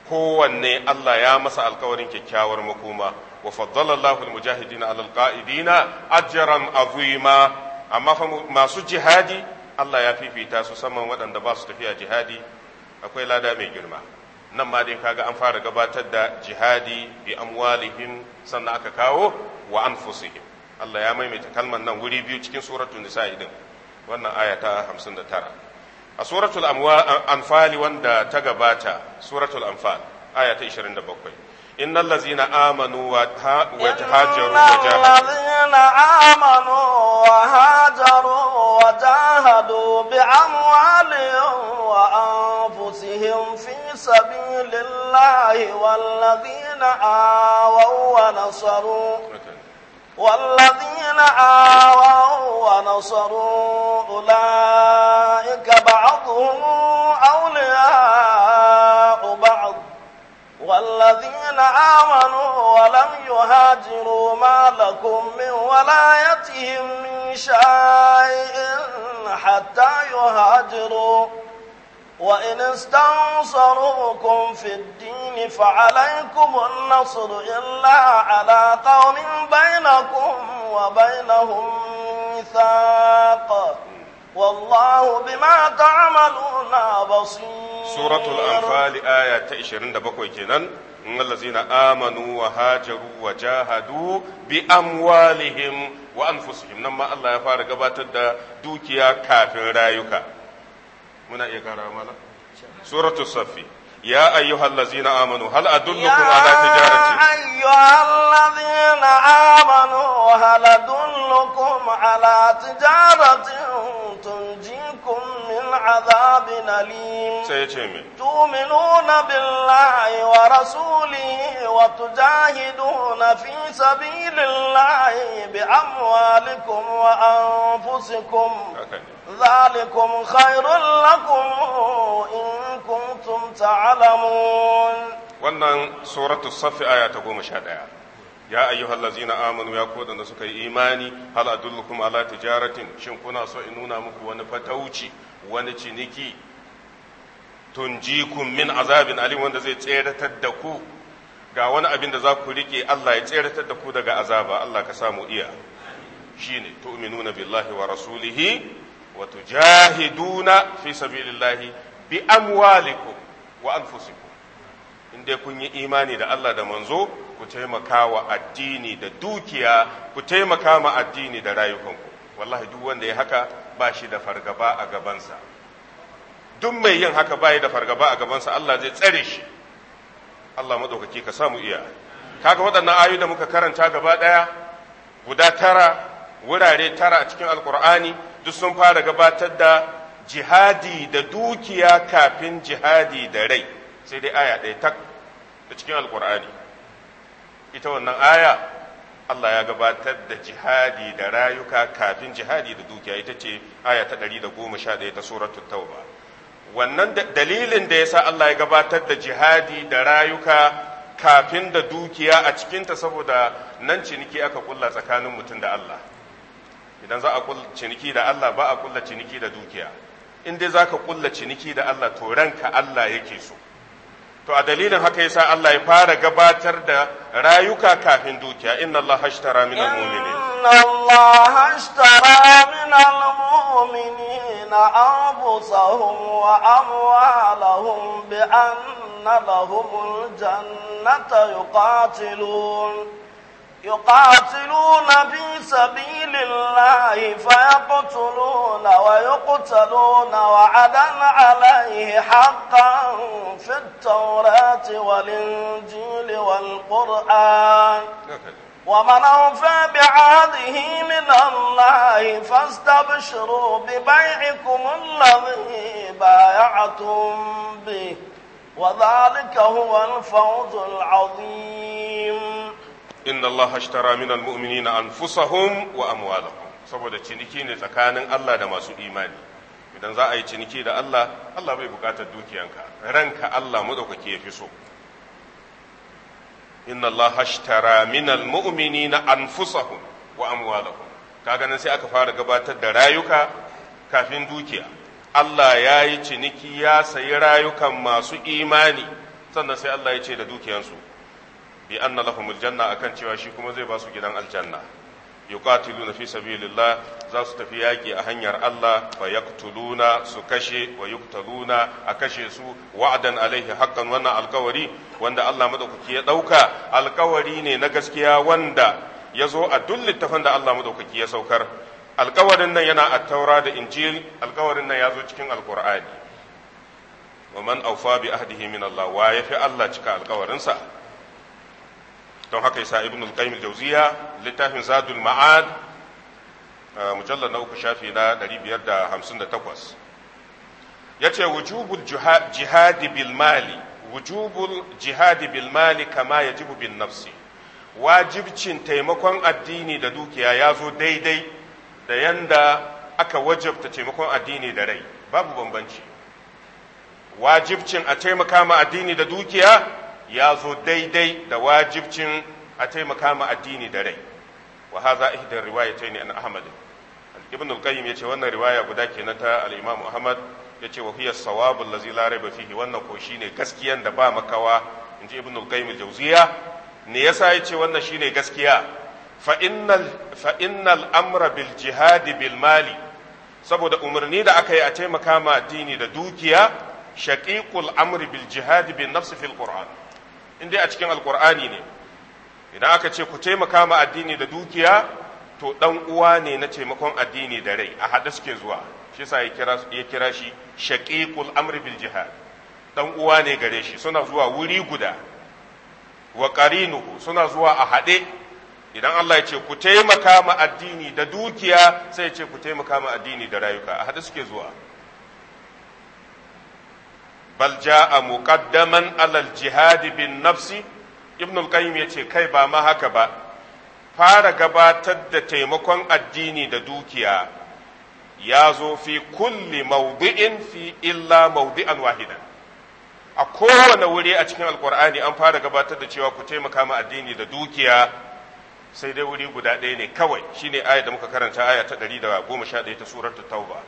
kowanne Allah ya masa alkawarin kyakkyawar makoma wa faddala Allahu mujahidina 'ala al-qa'idina ajran azima amma masu jihadi Allah ya fifita su saman waɗanda ba su tafiya jihadi akwai lada mai girma nan ma dai kaga an fara gabatar da jihadi bi amwalihim sannan aka kawo wa anfusihim Allah ya maimaita kalmar nan wuri biyu cikin suratul nisa din wannan aya ta 59 a suratul anfal wanda ta gabata suratul anfal aya ta 27 innal ladzina amanu wa hajaru wa jahadu amanu wa hajaru wa jahadu bi amwalihim wa anfusihim fi sabilillahi wal ladzina awaw wa nasaru والذين آووا ونصروا أولئك بعضهم أولياء بعض والذين آمنوا ولم يهاجروا ما لكم من ولايتهم من شيء حتى يهاجروا وإن استنصروكم في الدين فعليكم النصر إلا على قوم بينكم وبينهم ميثاق والله بما تعملون بصير سورة الأنفال آية 27 كنان إن الذين آمنوا وهاجروا وجاهدوا بأموالهم وأنفسهم نما الله يفارق باتد دوكيا كافر رايكا muna iya kara mala suratul safi يا أيها الذين آمنوا هل أدلكم على تجارة يا أيها الذين آمنوا هل أدلكم على تجارة تنجيكم من عذاب أليم تؤمنون بالله ورسوله وتجاهدون في سبيل الله بأموالكم وأنفسكم ذلكم خير لكم إن كنتم wannan suratu safi'a aya ta goma sha ɗaya ya ayyuhal lazina amanu ya koda da suka yi imani hal adullukum ala tijaratin shin kuna so in nuna muku wani fatauci wani ciniki tunjikum min azabin alim wanda zai tseratar da ku ga wani abin da za ku rike Allah ya tseratar da ku daga azaba Allah ka samu iya shine tu'minuna billahi wa rasulihi wa tujahiduna fi sabilillahi bi amwalikum wa anfusikum in dai kun yi imani da Allah da manzo ku taimaka wa addini da dukiya ku taimaka ma addini da rayukanku wallahi duk wanda ya haka ba shi da fargaba a gabansa duk mai yin haka ba da fargaba a gabansa Allah zai tsare shi Allah maɗaukaki ka samu iya kaga waɗannan ayu da muka karanta gaba ɗaya guda tara wurare tara a cikin alkur'ani duk sun fara gabatar da jihadi da dukiya kafin jihadi da rai sai dai aya ɗaya tak da cikin alkur'ani ita wannan aya Allah ya gabatar da jihadi da rayuka kafin jihadi da dukiya ita ce aya ta ɗari da goma sha ɗaya ta suratul tauba wannan dalilin da ya sa Allah ya gabatar da jihadi da rayuka kafin da dukiya a cikinta saboda nan ciniki aka kulla tsakanin mutum da Allah idan za a kulla ciniki da Allah ba a kulla ciniki da dukiya in dai za ka kulla ciniki da Allah to ranka Allah yake so to a dalilin haka yasa Allah ya fara gabatar da rayuka kafin dukiya inna Allah hashtara min al-mu'minin inna Allah hashtara min al-mu'minin anfusahum wa amwalahum bi anna lahum al-jannata yuqatilun يقاتلون في سبيل الله فيقتلون ويقتلون وعدا عليه حقا في التوراة والإنجيل والقرآن ومن أوفى بعهده من الله فاستبشروا ببيعكم الذي بايعتم به وذلك هو الفوز العظيم inna Allah ashtara min almu'minina anfusahum wa amwalahum saboda ciniki ne tsakanin Allah da masu imani idan za a yi ciniki da Allah Allah bai bukatar dukiyanka ranka Allah madaukake yafi so inna Allah ashtara min almu'minina anfusahum wa amwalahum kaga nan sai aka fara gabatar da rayuka kafin dukiya Allah ya yi ciniki ya sayi rayukan masu imani sannan sai Allah ya ce da dukiyansu bi anna lahumul janna akan cewa shi kuma zai ba su gidan aljanna yuqatiluna fi sabilillah za su tafi yaki a hanyar Allah fa yaqtuluna su kashe wa yuqtaluna a kashe su wa'dan alaihi haqqan wannan alkawari wanda Allah madaukaki ya dauka alkawari ne na gaskiya wanda ya zo a duk littafin da Allah madaukaki ya saukar alkawarin nan yana a taura da injil alkawarin nan ya zo cikin alkur'ani wa man awfa bi ahdihi min Allah wa yafi Allah cika alkawarinsa don haka yasa ibn al-qayyim al-jawziya littafin zadul ma'ad mujallad na uku shafi na 558 yace wujubul jihadi bil mali wujubul jihadi bil mali kama yajibu bin nafsi wajibcin taimakon addini da dukiya ya zo daidai da yanda aka wajabta taimakon addini da rai babu bambanci wajibcin a taimaka ma addini da dukiya ya zo daidai da wajibcin a taimaka ma addini da rai wa haza ihdar riwayatayn an ahmad ibn al-qayyim yace wannan riwaya guda kenan ta al-imam ahmad yace wa hiya sawabu allazi la raiba fihi wannan ko shine gaskiyan da ba makawa inji ibn al-qayyim al-jawziya ne yasa yace wannan shine gaskiya fa innal fa innal amra bil jihad bil mali saboda umarni da aka yi a taimaka ma addini da dukiya shaqiqul amri bil jihad bin nafsi fil qur'an in dai a cikin alkur'ani ne idan aka ce ku taimaka ma addini da dukiya to dan uwa ne na taimakon addini da rai a haɗe suke zuwa shi yasa ya kira shi shaqiqul amr bil jihad dan uwa ne gare shi suna zuwa wuri guda wa qarinuhu suna zuwa a haɗe idan Allah ya ce ku taimaka ma addini da dukiya sai ya ce ku taimaka ma addini da rayuka a haɗe suke zuwa bal a muƙaddaman alal jihadi bin nafsi ibn al-qayyim yace kai ba ma haka ba fara gabatar da taimakon addini da dukiya ya zo fi kulli mawdi'in fi illa mawdi'an wahida a kowane wuri a cikin alkur'ani an fara gabatar da cewa ku taimaka ma addini da dukiya sai dai wuri guda ɗaya ne kawai shine aya da muka karanta aya ta ɗaya ta suratul tauba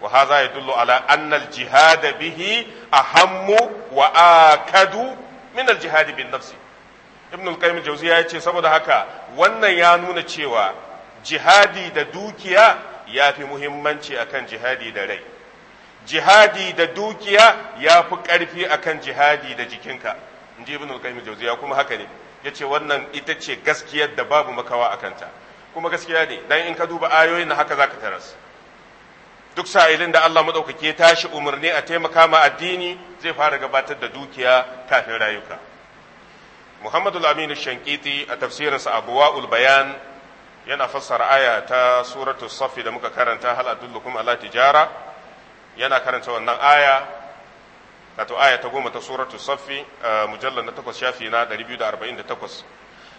wa hadha yadullu ala anna al-jihad bihi ahammu wa akadu min al-jihad bin nafsi ibn al-qayyim jawziya yace saboda haka wannan ya nuna cewa jihadi da dukiya ya fi muhimmanci akan jihadi da rai jihadi da dukiya ya fi ƙarfi akan jihadi da jikinka in ji ibn al-qayyim jawziya kuma haka ne yace wannan ita ce gaskiyar da babu makawa kanta. kuma gaskiya ne dan in ka duba ayoyin na haka zaka taras duk sa'ilin da Allah madaukake ya tashi umarni a taimaka ma addini zai fara gabatar da dukiya kafin rayuka Muhammadu aminu shankiti a tafsirinsa Abuwa'ul Bayan yana fassara aya ta suratul Safi da muka karanta hal adullukum ala tijara yana karanta wannan aya Kato aya ta goma ta suratul Safi mujallar na takwas shafi na 248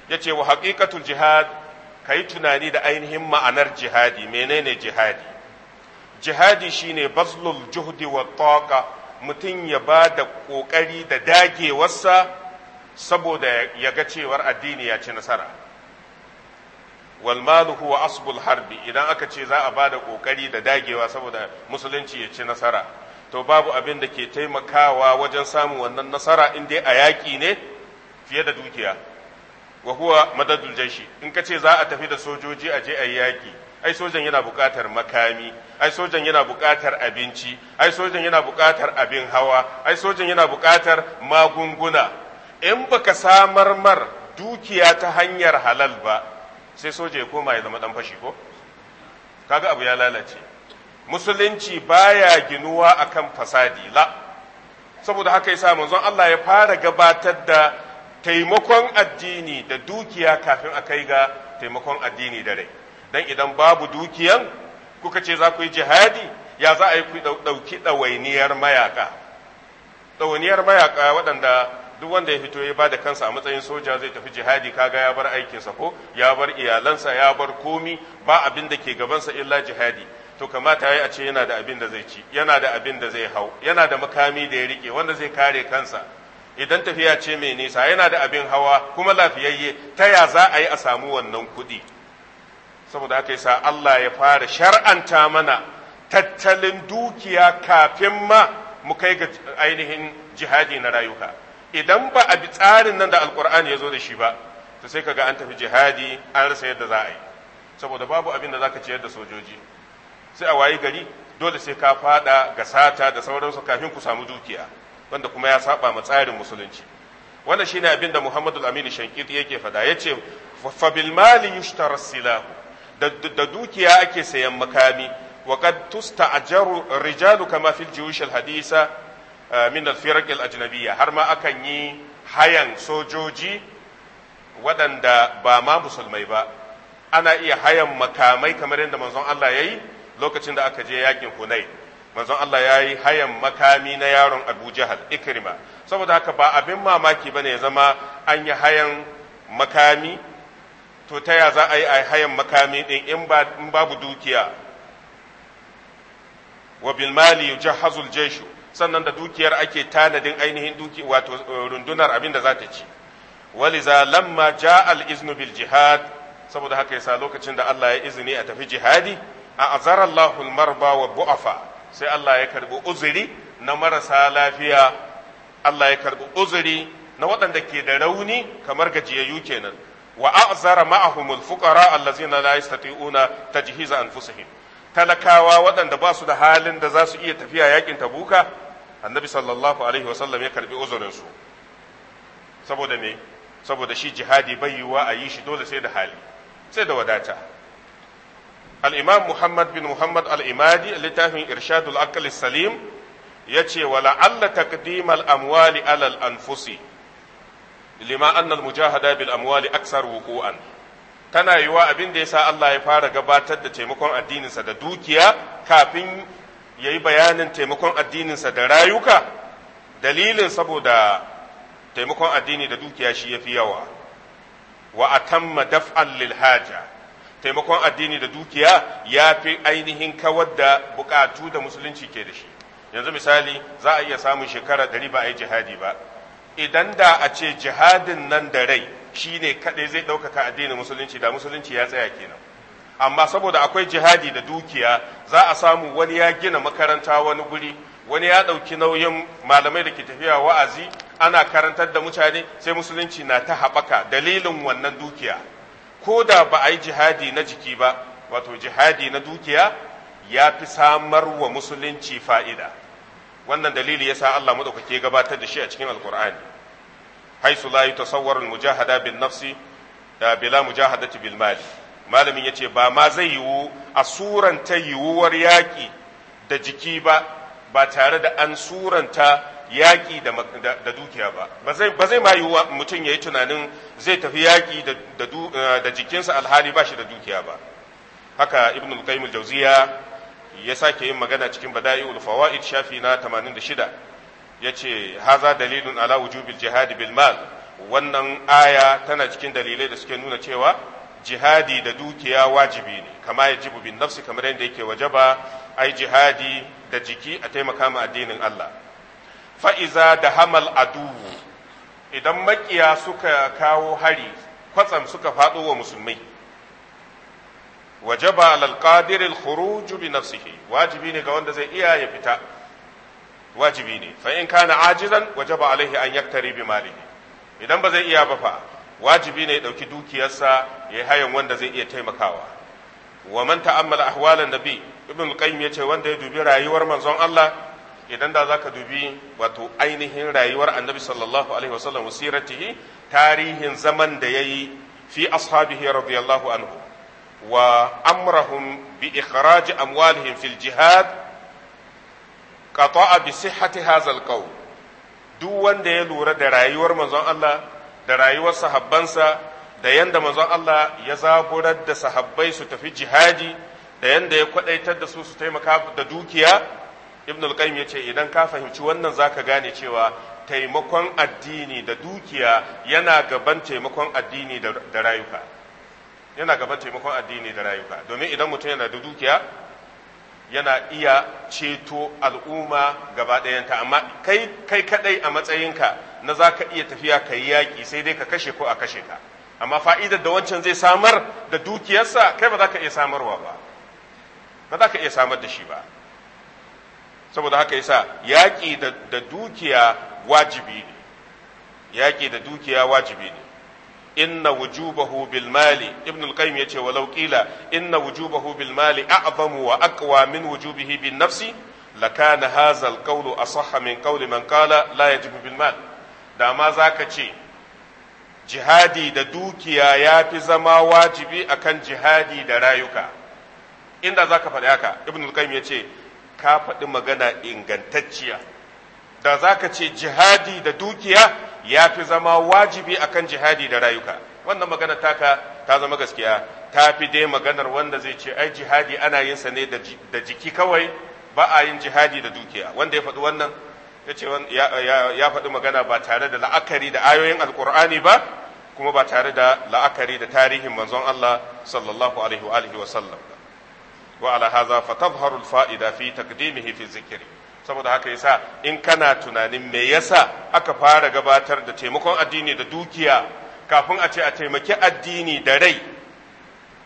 yace wa haqiqatul jihad ka yi tunani da ainihin ma'anar jihadi menene jihadi jihadi shine bazlul juhdi wa taqa mutum ya ba da da dagewarsa saboda ya ga cewar addini ya ci nasara wal malu huwa asbul harbi idan aka ce za a ba da da dagewa saboda musulunci ya ci nasara to babu abin da ke taimakawa wajen samun wannan nasara in dai a yaƙi ne fiye da dukiya wa huwa madadul in ka ce za a tafi da sojoji a je a yi yaƙi ai sojan yana buƙatar makami ai sojan yana buƙatar abinci ai sojan yana buƙatar abin hawa ai sojan yana buƙatar magunguna in baka samar mar dukiya ta hanyar halal ba sai soja ya koma ya zama dan fashi ko kaga abu ya lalace musulunci baya ginuwa akan fasadi la saboda haka yasa manzon Allah ya fara gabatar da taimakon addini da dukiya kafin a kai ga taimakon addini da rai dan idan babu dukiyan kuka ce za ku yi jihadi ya za a yi ku ɗauki ɗawainiyar mayaka ɗawainiyar mayaka waɗanda duk wanda ya fito ya ba da kansa a matsayin soja zai tafi jihadi kaga ya bar aikinsa ko ya bar iyalansa ya bar komi ba abin da ke gabansa illa jihadi to kamata ya a ce yana da abin da zai ci yana da abin da zai hau yana da makami da ya rike wanda zai kare kansa idan tafiya ce mai nisa yana da abin hawa kuma lafiyayye ta ya za a yi a samu wannan kuɗi saboda haka yasa Allah ya fara shar'anta mana tattalin dukiya kafin ma mu kai ga ainihin jihadi na rayuka idan ba a bi tsarin nan da alkur'ani ya zo da shi ba to sai kaga an tafi jihadi an rasa yadda za a yi saboda babu abin da zaka ciyar da sojoji sai a wayi gari dole sai ka fada ga sata da sauransu kafin ku samu dukiya wanda kuma ya saba ma tsarin musulunci wannan shine abin da Muhammadu Aminu Shankiti yake fada yace fa bil mali yushtaras silahu da dukiya ake sayan makami wa qad tusta'jaru rijalu hadisa eh, min al har ma akan yi hayan sojoji waɗanda ba ma musulmai ba ana iya hayan makamai kamar yadda manzon Allah yayi lokacin da aka je yakin hunai. manzon Allah ya yi hayan makami na yaron Abu Ikirima saboda haka ba abin mamaki bane ya zama an yi hayan makami to ta ya za a yi a hayan makami ɗin in babu dukiya wa bilmali mali hazul al sannan da dukiyar ake tanadin ainihin duki wato eh, rundunar abin da za ta ci waliza lamma ja al-iznu bil jihad saboda haka yasa lokacin da Allah ya izini a tafi jihadi a azara Allahu marba wa bu'afa sai Allah ya karbi uzuri na marasa lafiya Allah ya karbi uzuri na waɗanda ke da rauni kamar gajiyayyu kenan wa a'zara ma'ahumul fuqara allazina la yastati'una tajhiza anfusihim talakawa waɗanda ba su da halin da zasu iya tafiya yakin tabuka annabi sallallahu alaihi wasallam ya karbi uzurin su saboda me saboda shi jihadi bai yiwuwa a yi shi dole sai da hali sai da wadata al-imam muhammad bin muhammad al-imadi littafin irshadul aqli salim ya ce wala alla takdimal amwali alal anfusi lima annal mujahada bil amwali aksar wuqu'an tana yiwa abin da yasa Allah ya fara gabatar da taimakon addininsa da dukiya kafin yayi bayanin taimakon addininsa da rayuka dalilin saboda taimakon addini da dukiya shi yafi yawa wa atamma daf'an lil haja taimakon addini da dukiya ya fi ainihin kawar da bukatu da musulunci ke da shi yanzu misali za a iya samun shekara ɗari ba a yi jihadi ba idan da a ce jihadin nan da rai shi ne kaɗai zai ɗaukaka addinin musulunci da musulunci ya tsaya kenan amma saboda akwai jihadi da dukiya za a samu wani ya gina makaranta wani guri wani ya ɗauki nauyin malamai da ke tafiya wa'azi ana karantar da mutane sai musulunci na ta haɓaka dalilin wannan dukiya ko da ba a yi jihadi na jiki ba wato jihadi na dukiya ya fi samar wa musulunci fa'ida wannan dalili yasa Allah madaukake gabatar da shi a cikin alkur'ani haisu la yutasawwaru mujahada bin nafsi bila mujahadati bil mali malamin yace ba ma zai yiwu a suranta yiwuwar yaƙi da jiki ba ba tare da an suranta yaƙi da dukiya ba ba zai ma yiwu mutum ya yi tunanin zai tafi yaƙi eh, da jikinsa alhali ba shi da dukiya ba haka ibn al-qayyim al-jawziya ya sake yin magana cikin bada'iul fawaid shafi na 86 yace haza dalilun ala wujubil jihad bil mal wannan aya tana cikin dalilai da suke nuna cewa jihadi da dukiya wajibi ne kama ya jibu bin nafsi kamar yadda yake wajaba ai jihadi da jiki a taimaka ma addinin Allah fa'iza da hamal adu idan makiya suka kawo hari kwatsam suka faɗo wa musulmai wajaba alal qadir al khuruj bi nafsihi wajibi ne ga wanda zai iya ya fita wajibi ne fa in kana ajizan wajaba alaihi an yaktari bi malihi idan ba zai iya ba fa wajibi ne ya dauki dukiyarsa ya hayan wanda zai iya taimakawa wa man ta'ammala ahwalan nabi ibn qayyim yace wanda ya dubi rayuwar manzon Allah idan da zaka dubi wato ainihin rayuwar annabi sallallahu alaihi wasallam siratihi tarihin zaman da ya yi fi ashabihi radiyallahu anhu wa amrahum bi ikhraj amwalihim filjihad jihad qata'a bi sihhati hadha alqawl duk wanda ya lura da rayuwar manzon Allah da rayuwar sahabbansa da yanda manzon Allah ya zaburar da sahabbai su tafi jihadi da yanda ya kwadaitar da su su taimaka da dukiya ibn al-qayyim yace idan ka fahimci wannan zaka gane cewa taimakon addini da dukiya yana gaban taimakon addini da rayuka yana gaban taimakon addini da rayuka domin idan mutum yana da dukiya yana iya ceto al'umma gaba ɗayanta amma kai kai kadai a matsayinka na za ka iya tafiya ka yi yaƙi sai dai ka kashe ko a kashe ka amma fa'idar da wancan zai samar da dukiyarsa kai ba za ka iya samarwa ba ba za ka iya samar da shi ba saboda haka yasa yaƙi da dukiya wajibi yaƙi da dukiya wajibi ne inna wujubahu bil mali ibn al-qayyim yace walau qila inna wujubahu bil mali a'zamu wa aqwa min wujubihi bin nafsi lakana hadha al-qawlu asahha min qawli man qala la yajibu bil mal da ma zaka ce jihadi da dukiya ya fi zama wajibi akan jihadi da rayuka inda zaka faɗi haka ibn al-qayyim yace ka faɗi magana ingantacciya da zaka ce jihadi da dukiya ya fi zama wajibi akan jihadi da rayuka wannan magana taka ta zama gaskiya ta fi dai maganar wanda zai ce ai jihadi ana yin sa ne da jiki kawai ba a yin jihadi da dukiya wanda ya faɗi wannan ya ce ya faɗi magana ba tare da la'akari da ayoyin alkur'ani ba kuma ba tare da la'akari da tarihin manzon Allah sallallahu alaihi wa alihi wa sallam wa ala hadha fa tadhharu al fa'ida fi taqdimihi fi zikri saboda haka yasa in kana tunanin me yasa aka fara gabatar da taimakon addini da dukiya kafin a ce a taimaki addini da rai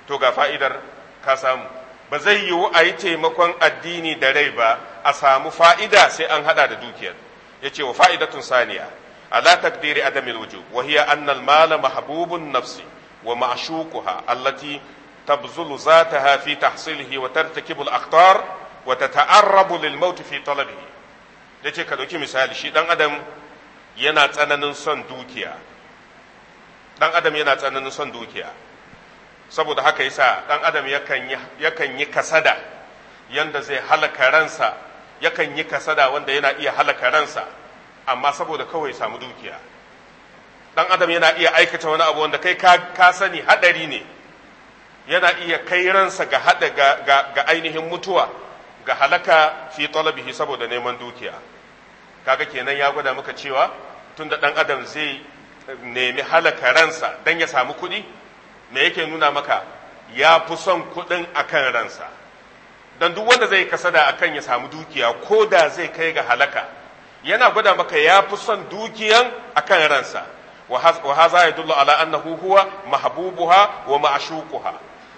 to ga fa'idar ka samu ba zai yiwu a yi taimakon addini da rai ba a samu fa'ida sai an hada da dukiyar ya ce wa fa'idatun saniya ala takdiri adamil wuju wa hiya annal mala mahbubun nafsi wa ma'shuquha allati tabzulu zataha fi tahsilihi wa tartakibul akhtar Wata ta'arrabu lil maut fi talabihi yace ka dauki misali shi dan adam yana tsananin son dukiya dan adam yana tsananin son dukiya saboda haka yasa dan adam yakan yi kasada yanda zai halaka ransa yakan yi kasada wanda yana iya halaka ransa amma saboda kawai samu dukiya dan adam yana iya aikata wani abu wanda kai ka sani haɗari ne yana iya kai ransa ga hada ga ainihin mutuwa ga halaka fi talabihi saboda neman dukiya kaga kenan ya gwada maka cewa tunda dan adam zai eh, nemi halaka ransa dan ya samu kuɗi me yake nuna maka ya fi son kuɗin akan ransa dan duk wanda zai kasada akan ya samu dukiya ko da zai kai ga halaka yana gwada maka ya fi son dukiyan akan ransa wa haza ya ala annahu huwa mahbubuha wa ma'shuquha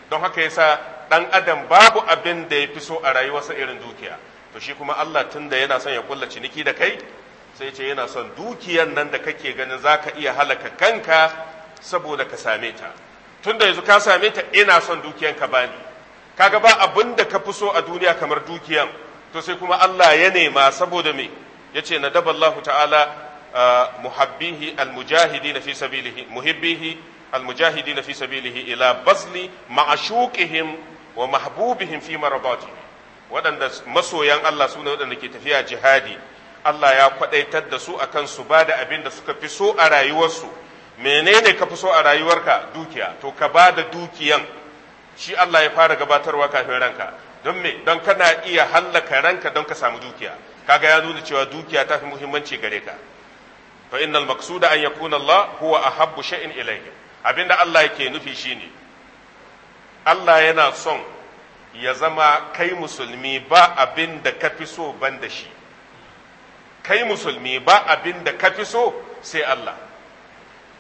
don haka yasa Ɗan adam babu abin da ya fi so a rayuwarsa irin dukiya to shi kuma Allah tun da yana son ya kulla ciniki da kai sai ce yana son dukiyan nan da kake ganin za ka iya halaka kanka saboda ka same ta tun da yanzu ka same ta ina son dukiyan ka bani kaga ba abin da ka fi so a duniya kamar dukiyan to sai kuma Allah ya nema saboda me yace na Allah ta'ala muhabbihi almujahidin fi sabilihi muhibbihi المجاهدين في سبيله إلى بذل معشوقهم wa mahbubihim fi maradati waɗanda masoyan Allah su ne waɗanda ke tafiya jihadi Allah ya kwaɗaitar da su akan su ba da abin da suka fi so a rayuwarsu menene ka fi so a rayuwarka dukiya to ka ba da dukiyan shi Allah ya fara gabatarwa kafin ranka don me don kana iya hallaka ranka don ka samu dukiya kaga ya nuna cewa dukiya ta fi muhimmanci gare ka fa innal maqsuda an yakuna Allah huwa ahabbu shay'in ilayhi abinda Allah yake nufi shine Allah yana son ya zama kai musulmi ba abin da ka fi so ban da shi kai musulmi ba abin da ka fi so sai Allah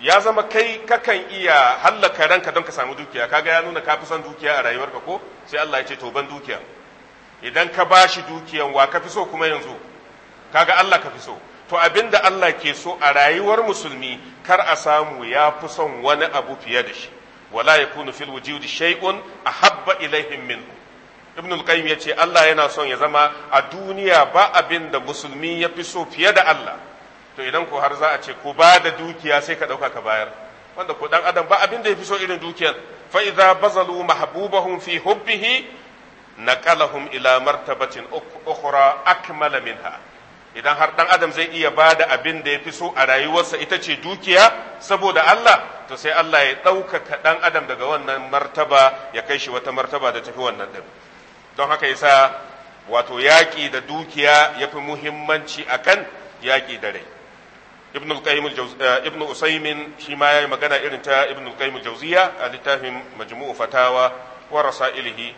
ya zama kai kakan iya hallaka ranka don ka samu dukiya kaga ya nuna ka fi son dukiya a rayuwarka ko sai Allah ya ce to ban dukiya idan ka ba shi dukiyan wa ka fi so kuma yanzu kaga Allah ka fi so to abin da Allah ke so a rayuwar musulmi kar a samu ya fi son wani abu fiye da shi wala yakunu fil wujudi shay'un ahabba ilaihin min ibn al-qayyim yace Allah yana son ya zama a duniya ba abin da musulmi ya fi so fiye da Allah to idan ko har za a ce ko ba da dukiya sai ka ɗauka ka bayar wanda ko dan adam ba bin da ya fi so irin dukiyar faiza. bazalu mahbubahum fi hubbihi naqalahum ila martabatin ukhra akmala minha idan har dan adam zai iya ba da abin da ya fi so a rayuwarsa ita ce dukiya saboda Allah to sai Allah ya ɗaukaka dan adam daga wannan martaba ya kai shi wata martaba da tafi wannan ɗin don haka yasa wato yaƙi da dukiya ya fi muhimmanci akan yaƙi da rai eh, ibn usaimin shi ma yayi magana irin ta ibn al-qayyim al a littafin majmu'u fatawa wa rasailihi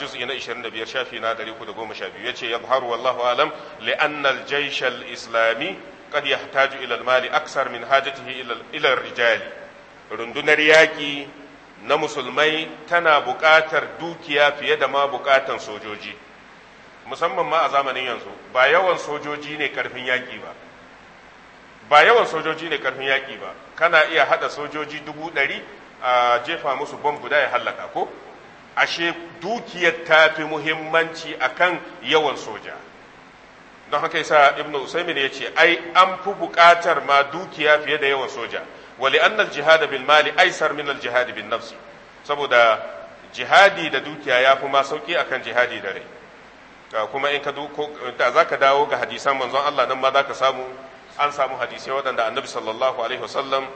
juz'i na 25 shafi na 312 yace yadhharu wallahu alam li anna islami kad yahtaju ila al-mali aksar min hajatihi ila rijali. rundunar yaƙi na musulmai tana buƙatar dukiya fiye da ma buƙatan sojoji musamman ma a zamanin yanzu ba yawan sojoji ne karfin yaki ba kana iya haɗa sojoji dubu ɗari a jefa musu bom guda ya hallaka ko ashe dukiyar ta fi muhimmanci akan yawan soja don haka yasa ibnu usaimin ya ce ai an fi buƙatar ma dukiya fiye da yawan soja wali annal jihad bil mali aisar min al jihad bin nafsi saboda jihadi da dukiya ya fi ma sauki akan jihadi da rai kuma in ka da za ka dawo ga hadisan manzon Allah nan ma za ka samu an samu hadisai waɗanda annabi sallallahu alaihi wasallam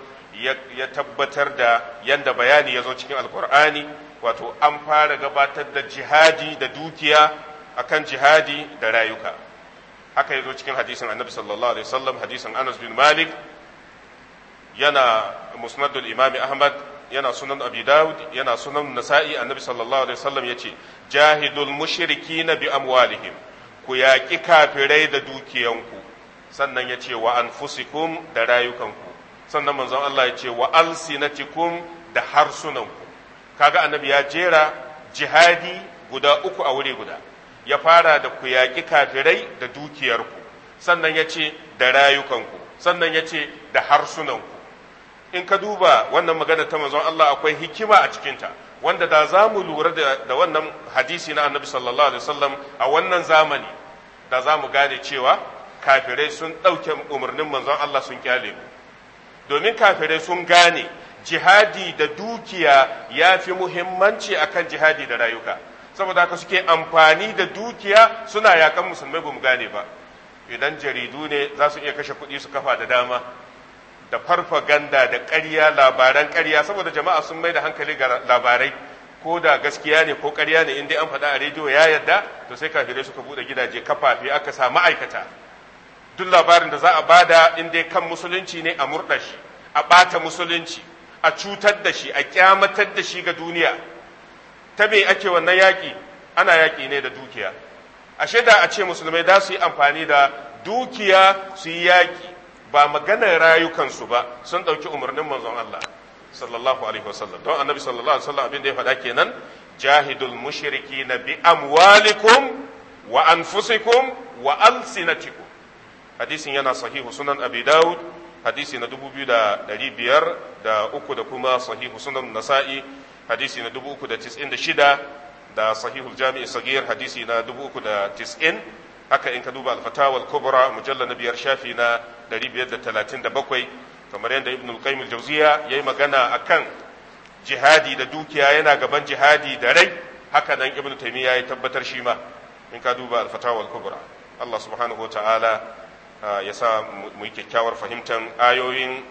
ya tabbatar da yanda bayani ya zo cikin alkur'ani wato an fara gabatar da jihadi da dukiya akan jihadi da rayuka haka yazo cikin hadisin annabi sallallahu alaihi wasallam hadisin Anas bin Malik yana musnadul imami Ahmad yana sunan Abi Dawud yana sunan Nasa'i annabi sallallahu alaihi wasallam yace jahidul mushrikina bi amwalihim ku yaƙi kafirai da dukiyanku sannan ya ce wa anfusikum da rayukanku sannan manzon Allah ya ce wa alsinatikum da harsunanku kaga annabi ya jera jihadi guda uku a wuri guda ya fara da ku yaƙi kafirai da dukiyarku sannan ya ce da rayukanku sannan ya ce da harsunanku in ka duba wannan magana ta manzon Allah akwai hikima a cikinta wanda da za mu lura da wannan hadisi na annabi sallallahu alaihi wasallam a wannan zamani da za mu gane cewa kafirai sun ɗauke umarnin manzon Allah sun kyale domin kafirai sun gane jihadi da dukiya ya fi muhimmanci akan jihadi da rayuka saboda haka suke amfani da dukiya suna yakan musulmai ba mu gane ba idan jaridu ne za su iya kashe kuɗi su kafa da dama da farfaganda da ƙarya labaran ƙarya saboda jama'a sun mai da hankali ga labarai ko da gaskiya ne ko ƙarya ne inda an faɗa a rediyo ya yadda to sai kafirai suka buɗe gidaje kafafe aka sa ma'aikata duk labarin da za a bada da dai kan musulunci ne a murɗa shi a ɓata musulunci a cutar da shi a kyamatar da shi ga duniya ta me ake wannan yaƙi ana yaƙi ne da dukiya ashe da a ce musulmai za su yi amfani da dukiya su yi yaƙi ba maganar rayukansu ba sun ɗauki umarnin manzon Allah sallallahu alaihi wasallam don annabi sallallahu alaihi wasallam abin da ya faɗa kenan jahidul mushriki na bi amwalikum wa anfusikum wa alsinatikum hadisin yana sahihu sunan abi daud hadisi na dubu biyu da ɗari biyar da uku da kuma sahihu sunan nasa'i hadisi na dubu uku da tis'in da shida da sahihul jami'i sagir hadisi na dubu uku da tis'in haka in ka duba alfatawal kubra mujalla na biyar shafi na ɗari biyar da talatin da bakwai kamar yadda ibn al-qayyim al-jawziya yayi magana akan jihadi da dukiya yana gaban jihadi da rai haka nan ibn taymiya ya tabbatar shi ma in ka duba al-fatawa kubra Allah subhanahu wa ta'ala ya sa mu yi kyakkyawar fahimtar ayoyin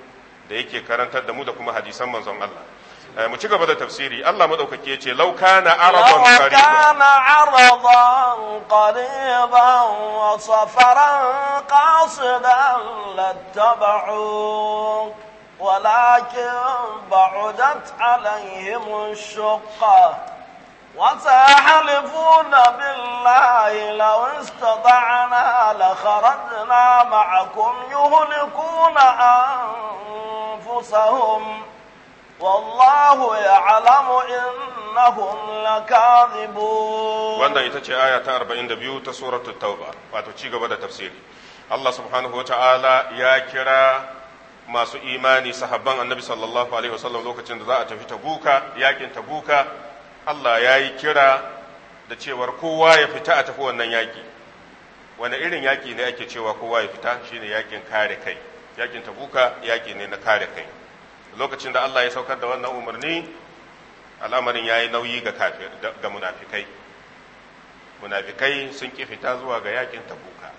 da yake karantar da mu da kuma hadisan manzon Allah eh, mu ci gaba da tafsiri Allah ya ce law kana aradan qariban law kana aradan qariban wa safaran qasidan lattaba'u ولكن بعدت عليهم الشقه وسيحلفون بالله لو استطعنا لخرجنا معكم يهلكون أنفسهم والله يعلم إنهم لكاذبون وانا يتجي آية 42 سورة التوبة واتوشيغ بدا تفسيري الله سبحانه وتعالى يا كرا masu imani sahabban annabi sallallahu alaihi wasallam lokacin da za a tafi tabuka yakin tabuka Allah ya yi kira da cewar kowa ya fita a tafi wannan yaƙi wani irin yaƙi ne ake cewa kowa ya fita shine yaƙin kare kai yaƙin tabuka yaƙi ne na kare kai lokacin da Allah ya saukar da wannan umarni al'amarin ya yi nauyi ga kafir munafikai munafikai sun ƙi fita zuwa ga yaƙin tabuka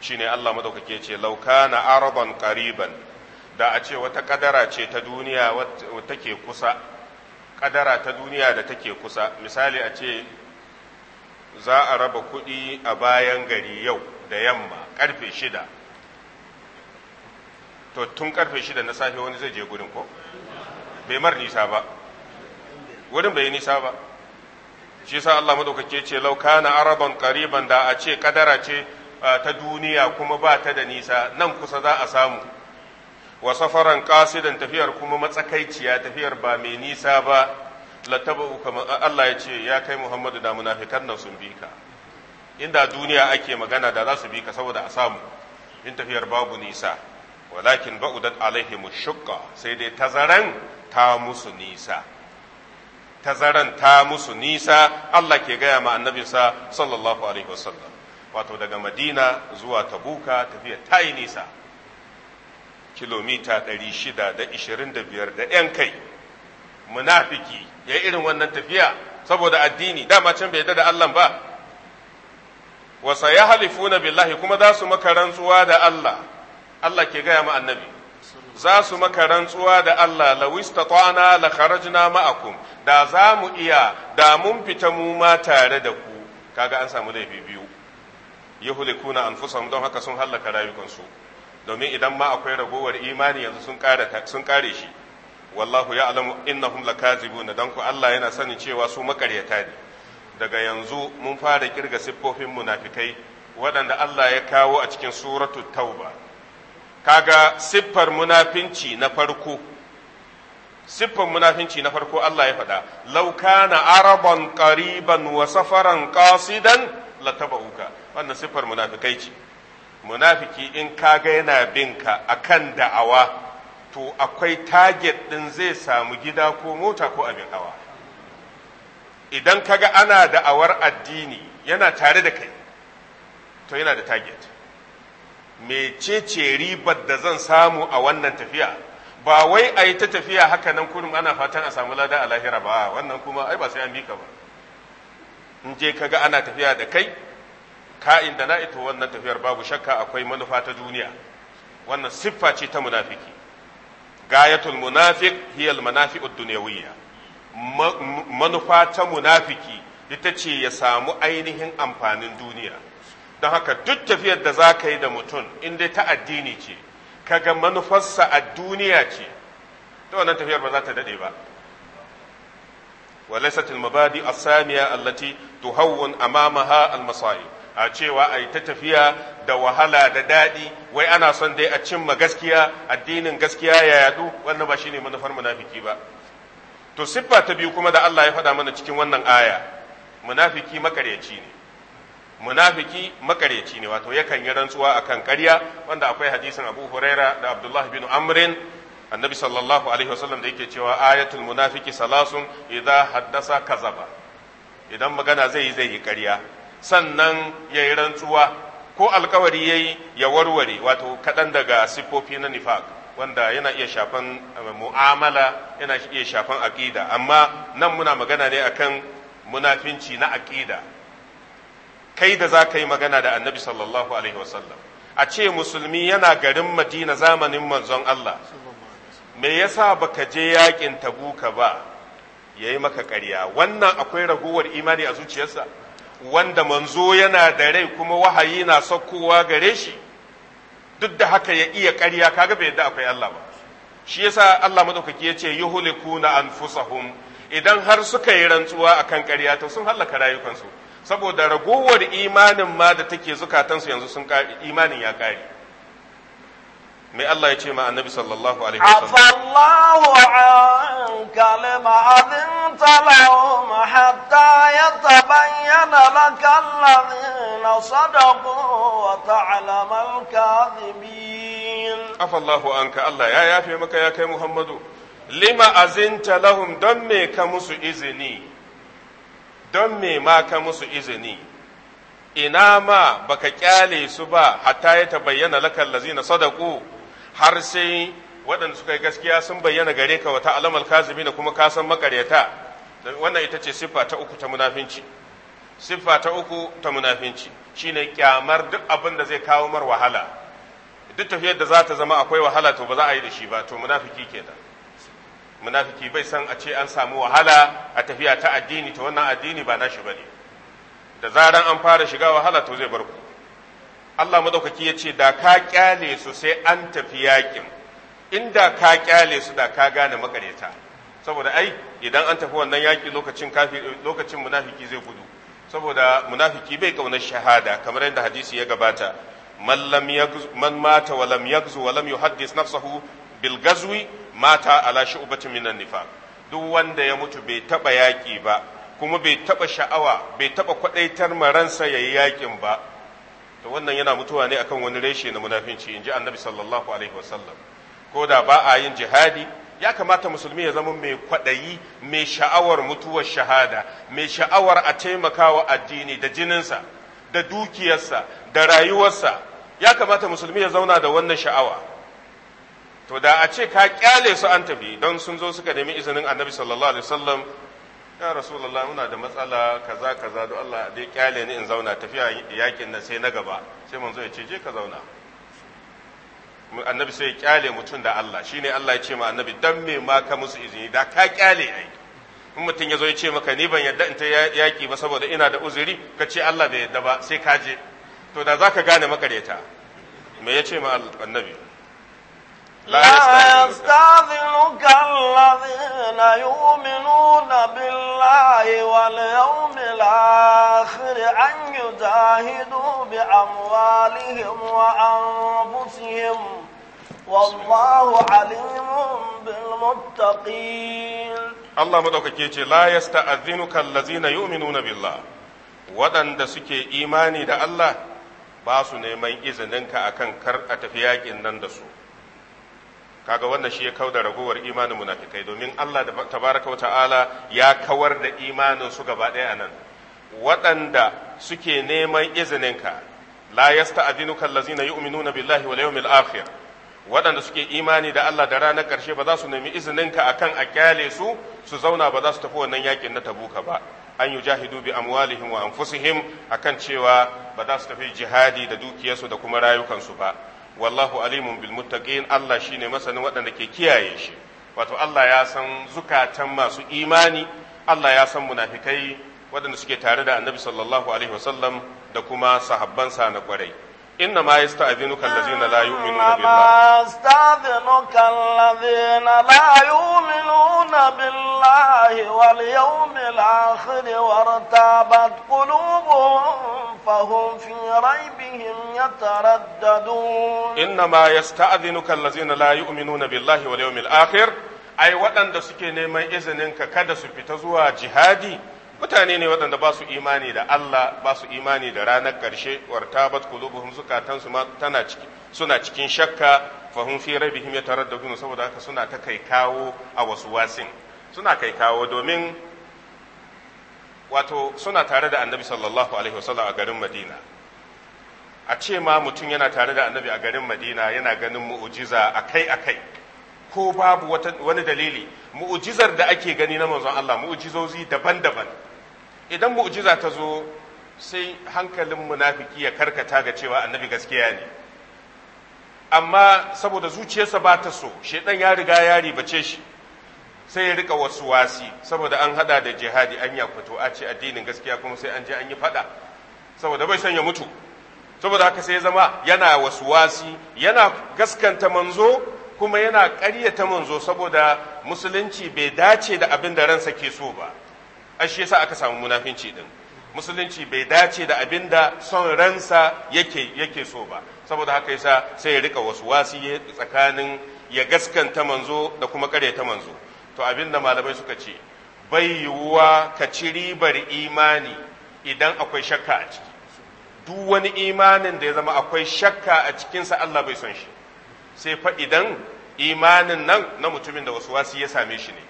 shine Allah madaukake ce lauka na araban kariban da a ce wata kadara ce ta duniya wata ke kusa kadara ta duniya da take kusa misali a ce za a raba kuɗi a bayan gari yau da yamma karfe shida to tun karfe shida na safe wani zai je gurin ko bai mar nisa ba wurin bai yi nisa ba shi sa Allah madaukake ce lauka kana araban qariban da a ce kadara ce ah, ta duniya kuma ba ta da nisa nan kusa za a samu wa safaran qasidan tafiyar kuma matsakaiciya tafiyar ba mai nisa ba latabu kama Allah ya ce ya kai Muhammadu da munafikan nan sun bi ka inda duniya ake magana da za su bi ka saboda a samu in tafiyar babu nisa walakin ba'udat alaihim shukka sai dai tazaran ta musu nisa tazaran ta musu nisa Allah ke gaya ma annabinsa sallallahu alaihi wasallam wato daga Madina zuwa Tabuka tafiya ta yi nisa kilomita 625 da 'yan kai munafiki ya irin wannan tafiya saboda addini dama can bai da Allah ba wasa ya halifuna billahi kuma za su maka rantsuwa da Allah Allah ke gaya ma annabi za su maka rantsuwa da Allah lawista tana la kharajna ma'akum da za mu iya da mun fita mu ma tare da ku kaga an samu laifi biyu yahulikuna anfusahum don haka sun hallaka rayukansu domin idan ma akwai ragowar imani yanzu sun kare shi wallahu ya alamu innahum lakazibuna dan ku Allah yana sanin cewa su makaryata ne daga yanzu mun fara kirga siffofin munafikai waɗanda Allah ya kawo a cikin suratu tauba kaga siffar munafinci na farko siffar munafinci na farko Allah ya faɗa law kana araban qariban wa safaran qasidan uka wannan siffar munafikai ce munafiki in kaga yana bin ka kan da'awa to akwai target ɗin zai samu gida ko mota ko abin hawa idan kaga ana da'awar addini yana tare da kai to yana da target mecece ribar da zan samu a wannan tafiya ba wai a yi ta tafiya haka nan kurum ana fatan a samu lada a lahira ba wannan kuma ai ba sai an bi ba in je kaga ana tafiya da kai ka'in da na'ito wannan tafiyar babu shakka akwai manufa ta duniya wannan siffa ce ta munafiki gayatul munafiq hiya al manafi'ud dunyawiyya manufa ta munafiki ita ce ya samu ainihin amfanin duniya don haka duk tafiyar da za ka yi da mutum in dai ta addini ce kaga manufarsa a duniya ce ta wannan tafiyar ba za ta daɗe ba وليست المبادئ السامية التي amamaha أمامها المصائب a cewa a ta tafiya da wahala da daɗi wai ana son dai a cimma gaskiya addinin gaskiya ya yadu wannan ba shi ne manufar munafiki ba to siffa ta biyu kuma da Allah ya faɗa mana cikin wannan aya munafiki makaryaci ne munafiki makaryaci ne wato yakan yi rantsuwa akan ƙarya wanda akwai hadisin Abu Huraira da Abdullah bin Amrin annabi sallallahu alaihi wasallam da yake cewa ayatul munafiki salasun idza haddasa kazaba idan magana zai yi zai yi ƙarya sannan ya yi rantsuwa ko alkawari ya yi ya warware wato kaɗan daga siffofi na nifaq wanda yana iya shafan eh, mu'amala yana iya shafan aƙida amma nan muna magana ne akan munafinci na aƙida kai da za ka yi magana da annabi sallallahu alaihi wasallam a ce musulmi yana garin madina zamanin manzon Allah me yasa baka je yakin tabuka ba Ya yi maka ƙarya wannan akwai raguwar imani a zuciyarsa wanda manzo yana da rai kuma wahayi na saukowa gare shi duk da haka ya iya ƙarya kaga bai yadda akwai Allah ba shi yasa Allah madaukaki ya ce yuhlikuna anfusahum idan har suka yi rantsuwa akan ƙarya to sun hallaka rayukansu saboda ragowar imanin ma da take zukatansu yanzu sun imanin ya kare. me Allah ya ce ma annabi sallallahu alaihi wasallam afallahu anka lima adinta lahum hatta yatabayyana laka alladhina sadaqu wa ta'lama al-kadhibin afallahu anka Allah ya yafe maka ya kai Muhammadu lima azinta lahum don me ka musu izini don me ma ka musu izini ina ma baka kyale su ba hatta ya tabayyana laka lazina sadaqu har sai waɗanda suka yi gaskiya sun bayyana gare ka wata alamal kazumi da kuma kasan makaryata wannan ita ce siffa ta uku ta munafinci siffa ta uku ta munafinci shine kyamar duk abin da zai kawo mar wahala duk tafiyar da za ta zama akwai wahala to ba za a yi da shi ba to munafiki kenan munafiki bai san a ce an samu wahala a tafiya ta addini to wannan addini ba nashi bane da zaran an fara shiga wahala to zai bar ku Allah madaukaki ya ce da ka kyale su sai an tafi yakin inda ka kyale su da ka gane makareta saboda ai idan an tafi wannan yaki lokacin kafi lokacin munafiki zai gudu saboda munafiki bai kauna shahada kamar yadda hadisi ya gabata man lam man mata wa lam yagzu wa lam yuhaddis nafsahu bil gazwi mata ala shu'batin minan nifaq duk wanda ya mutu bai taba yaki ba kuma bai taba sha'awa bai taba kwadaitar maransa yayi yakin ba to wannan yana mutuwa ne akan wani reshe na munafinci ji annabi sallallahu alaihi wasallam ko da ba a yin jihadi ya kamata musulmi ya zama mai kwaɗayi mai sha'awar mutuwar shahada mai sha'awar a taimakawa addini da jininsa da dukiyarsa da rayuwarsa ya kamata musulmi ya zauna da wannan sha'awa to da a ce ka kyale su an tafi don sun zo suka nemi izinin annabi sallallahu alaihi wasallam ya rasulullah muna da matsala kaza kaza don Allah dai kyale ni in zauna tafiya yakin na sai na gaba sai manzo ya ce je ka zauna annabi sai ya kyale mutum da Allah shine Allah ya ce ma annabi dan me ma ka musu izini da ka kyale ai in mutum ya zo ya ce maka ni ban yadda in ta yaki ba saboda ina da uzuri ka ce Allah bai yadda ba sai ka je to da zaka gane makareta me ya ce ma annabi لا يستاذنك الذين يؤمنون بالله واليوم الآخر أن يجاهدوا بأموالهم وأنفسهم والله عليم بالمتقين الله مدوكake ce la yasta'dhinuka allazina yu'minuna billah waɗanda suke imani da Allah ba su neman izininka akan kar a tafi yaƙin nan da su kaga wannan shi ya kauda ragowar imanin munafikai domin Allah tabaraka wa ta'ala ya kawar da imanin su gaba ɗaya nan waɗanda suke neman izininka la yasta'dhinuka allazina yu'minuna billahi wal yawmil akhir waɗanda suke imani da Allah da ranar ƙarshe ba za su nemi izininka akan a kyale su su zauna ba za su tafi wannan yakin na tabuka ba an yi jahidu bi amwalihim wa anfusihim akan cewa ba za su tafi jihadi da dukiyarsu da kuma rayukansu ba wallahu alimun bil muttaqin Allah shine masanin waɗanda ke kiyaye shi wato Allah ya san zukatan masu imani Allah ya san munafikai waɗanda suke tare da Annabi sallallahu alaihi wasallam da kuma sahabbansa na kwarai inna ma yasta'dhinuka allazina la yu'minuna billah yasta'dhinuka allazina la yu'minuna بالله واليوم الآخر وارتابت قلوبهم فهم في ريبهم يترددون إنما يستأذنك الذين لا يؤمنون بالله واليوم الآخر أي وأن دسكي نيما إذنك كدس في تزوى جهادي mutane ne waɗanda ba su imani da Allah ba su imani da ranar ƙarshe war tabat kulubuhum zukatansu ma tana ciki suna cikin shakka fahum fi rabbihim yataraddadun saboda haka suna ta kai kawo a wasu wasin suna kai kawo domin wato suna tare da annabi sallallahu alaihi wasallam a garin madina a ce ma mutum yana tare da annabi a garin madina yana ganin mu'ujiza akai akai ko babu wani dalili mu'ujizar da ake gani na manzon Allah mu'ujizozi daban-daban idan mu'ujiza ta zo sai hankalin munafiki ya karkata ga cewa annabi gaskiya ne amma saboda zuciyarsa ba ta so shedan ya riga ya ribace shi sai ya rika wasu wasi saboda an hada da jihadi an ya fito a ce addinin gaskiya kuma sai an je an yi fada saboda bai son ya mutu saboda haka sai ya zama yana wasu wasi yana gaskanta manzo kuma yana ta manzo saboda musulunci bai dace da abin da ransa ke so ba ashe sa aka samu munafinci din musulunci bai dace da abin da son ransa yake so ba saboda haka yasa sai ya rika wasu wasi tsakanin ya gaskanta manzo da kuma ta manzo to abin da malamai suka ce bai yiwuwa ka ci ribar imani idan akwai shakka a ciki duk wani imanin da ya zama akwai shakka a cikinsa Allah bai son shi sai fa idan imanin nan na mutumin da wasu wasi ya same shi ne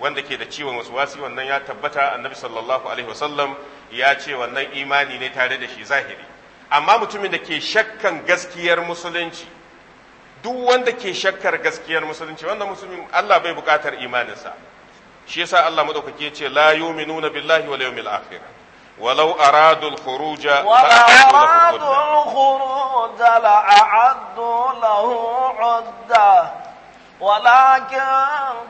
wanda ke da ciwon wasu wasi wannan ya tabbata annabi sallallahu alaihi wasallam ya ce wannan imani ne tare da shi zahiri amma mutumin da ke shakkan gaskiyar musulunci duk wanda ke shakkar gaskiyar musulunci wanda musulmin Allah bai bukatar imaninsa shi yasa Allah madaukake ce la yu'minuna billahi wal yawmil akhir ولو أرادوا الخروج لأعدوا الخروج لأعدوا له عدة ولكن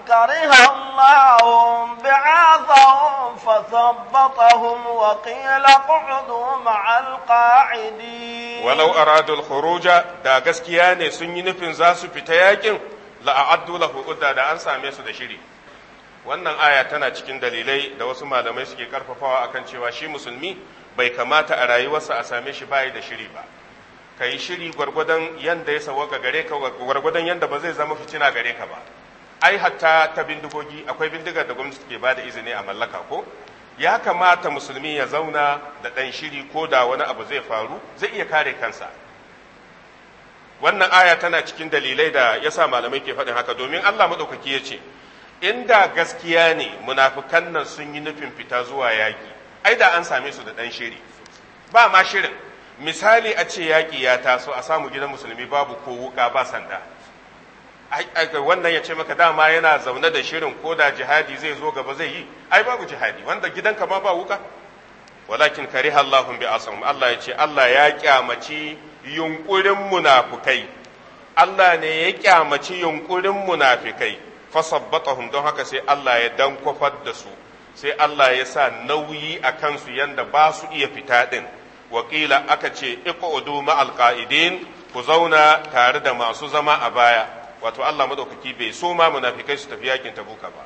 كره الله بعاثهم فثبطهم وقيل اقعدوا مع القاعدين ولو أرادوا الخروج دا قسكياني سنين فنزاسو في تياجن لأعدوا له عدة دا أنسى ميسو دا شري wannan aya tana cikin dalilai da wasu malamai suke karfafawa akan cewa shi musulmi bai kamata a rayuwarsa a same shi bayi da shiri ba ka yi shiri gwargwadon yanda ya sawaka gare ka gwargwadon yanda ba zai zama fitina gare ka ba ai hatta ta bindigogi akwai bindiga da gwamnati ke bada izini a mallaka ko ya kamata musulmi ya zauna da ɗan shiri ko da wani abu zai faru zai iya kare kansa wannan aya tana cikin dalilai da yasa malamai ke faɗin haka domin Allah maɗaukaki ya ce inda gaskiya ne munafukan nan sun yi nufin fita zuwa yaƙi ai da an same su da ɗan shiri ba ma shirin misali a ce yaƙi ya taso a samu gidan musulmi babu ko wuka ba sanda wannan ya ce maka dama yana zaune da shirin ko da jihadi zai zo gaba zai yi ai babu jihadi wanda gidanka ma ba wuka walakin kariha Allahun bi asam Allah ya ce Allah ya kyamaci yunkurin munafukai. Allah ne ya kyamaci yunkurin munafikai fasabbatahum don haka sai Allah ya dankwafar da su sai Allah ya sa nauyi a kansu yanda ba su iya fita din wakila aka ce iqudu ma'al qa'idin ku zauna tare da masu zama a baya wato Allah madaukaki bai so ma munafikai su tafi yakin tabuka ba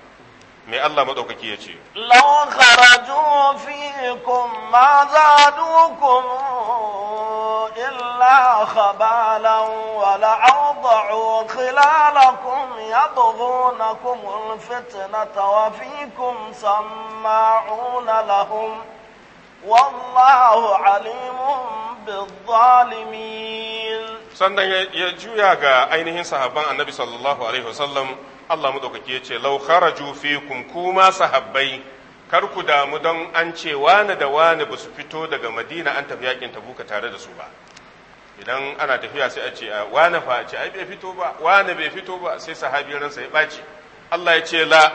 me Allah madaukaki ya ce law kharaju ma zadukum illa khabalan wa la'adhu khilalakum yabghunakum alfitnata wa fikum sama'una lahum والله عليم بالظالمين sannan ya juya ga ainihin sahabban annabi sallallahu alaihi wasallam Allah madaukaki ya ce law kharaju fikum kuma sahabbai kar ku damu don an ce wani da wani ba su fito daga Madina an tafi yakin Tabuka tare da su ba idan ana tafiya sai a ce wani fa ce ai bai fito ba wani bai fito ba sai sahabi ransa ya baci Allah ya ce la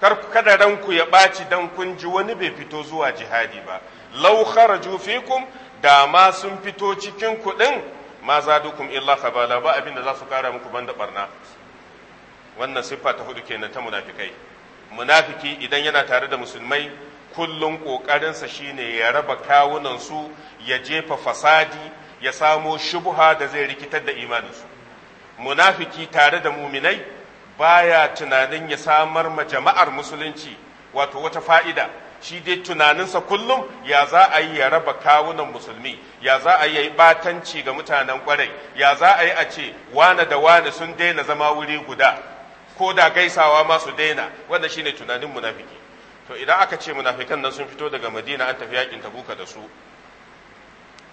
kar kada ku ya baci dan kun ji wani bai fito zuwa jihadi ba law kharaju fikum da ma sun fito cikin ku din ma zadukum illa khabala ba da za su kara muku banda barna wannan siffa ta hudu kenan ta munafikai munafiki idan yana tare da musulmai kullum ƙoƙarinsa shine ya raba kawunansu ya jefa fasadi ya samo shubuha da zai rikitar da imaninsu munafiki tare da muminai baya tunanin ya samar ma jama'ar musulunci wato wata fa'ida shi dai tunaninsa kullum ya za a yi ya raba kawunan musulmi ya za a yi batanci ga mutanen kwarai ya za a yi a ce wane da wane sun daina zama wuri guda ko da gaisawa ma su daina wanda shine tunanin munafiki to idan aka ce munafikan nan sun fito daga madina an tafi yakin tabuka da su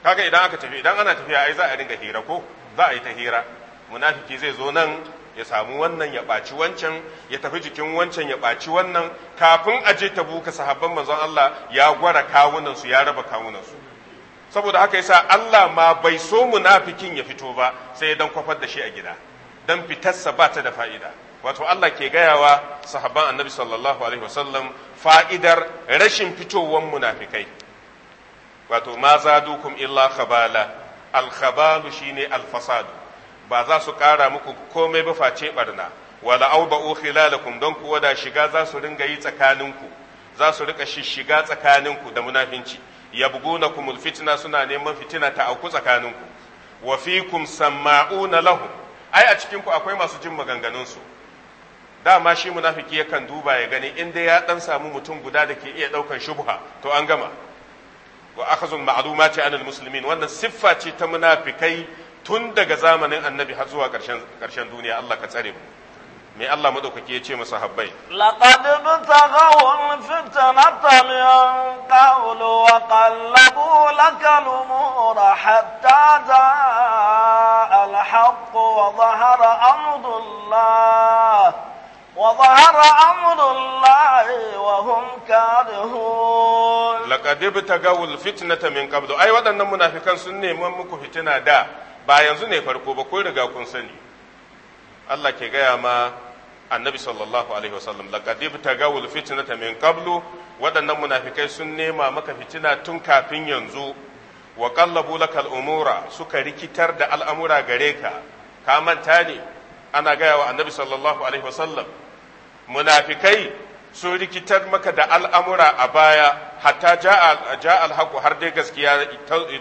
kaga idan aka tafi idan ana tafiya ai za a ringa hira ko za a yi ta hira munafiki zai zo nan ya samu wannan ya ɓaci wancan ya tafi jikin wancan ya ɓaci wannan kafin a je tabuka sahabban manzon Allah ya gwara kawunan su ya raba kawunan su saboda haka yasa Allah ma bai so munafikin ya fito ba sai dan kwafar da shi a gida dan fitarsa ba ta da fa'ida wato Allah ke gayawa sahabban annabi sallallahu alaihi wasallam fa'idar rashin fitowar munafikai wato ma dukum illa khabala al shine alfasadu ba za su kara muku komai ba face barna wala auba'u khilalakum don kuwa da shiga za su ringa yi tsakaninku za su rika shishiga tsakaninku da munafinci kumul fitna suna neman fitina ta auku tsakaninku wa fikum sama'una lahu ai a cikinku akwai masu jin maganganunsu dama shi munafiki yakan duba ya gani in dai ya dan samu mutum guda da ke iya daukan shubha to an gama wa akhazun ma'luma ce anil muslimin wannan siffa ce ta munafikai tun daga zamanin annabi har zuwa karshen duniya Allah ka tsare mu me Allah madaukaki ya ce masa habbai laqad tagawun fitnata min qawlu wa qallabu lakal umura hatta jaa al-haqq wa dhahara amdullah وظهر أمر الله وهم كارهون لقد ابتغوا الفتنة من قبل أي ودن منافقان سنة ممكو فتنة دا bayan su ne farko ba kun riga kun sani Allah ke gaya ma annabi sallallahu alaihi wasallam laqad ibtagaw alfitnata min qablu wadannan munafikai sun nema maka fitina tun kafin yanzu wa qallabu lakal umura suka rikitar da al'amura gare ka ka manta ne ana gaya wa annabi sallallahu alaihi wasallam munafikai sun rikitar maka da al'amura a baya hatta ja alhaku har dai gaskiya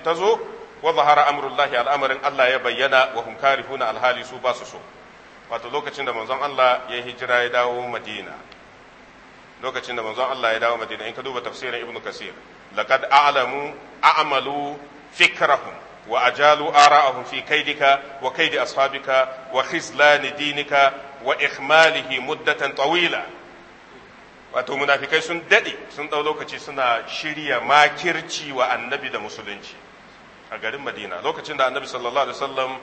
ta zo wa zahara amurullahi al'amarin Allah ya bayyana wa hunkari huna alhali su ba su so wato lokacin da manzon Allah ya hijira ya dawo madina lokacin da manzon Allah ya dawo madina in ka duba tafsirin ibnu kasir laqad a'lamu a'malu fikrahum wa ajalu ara'ahum fi kaidika wa kaidi asfabika wa khizlan dinika wa ikhmalihi muddatan tawila wato munafikai sun daɗe sun dau lokaci suna shirya makirci wa annabi da musulunci a garin madina lokacin da annabi sallallahu alaihi wasallam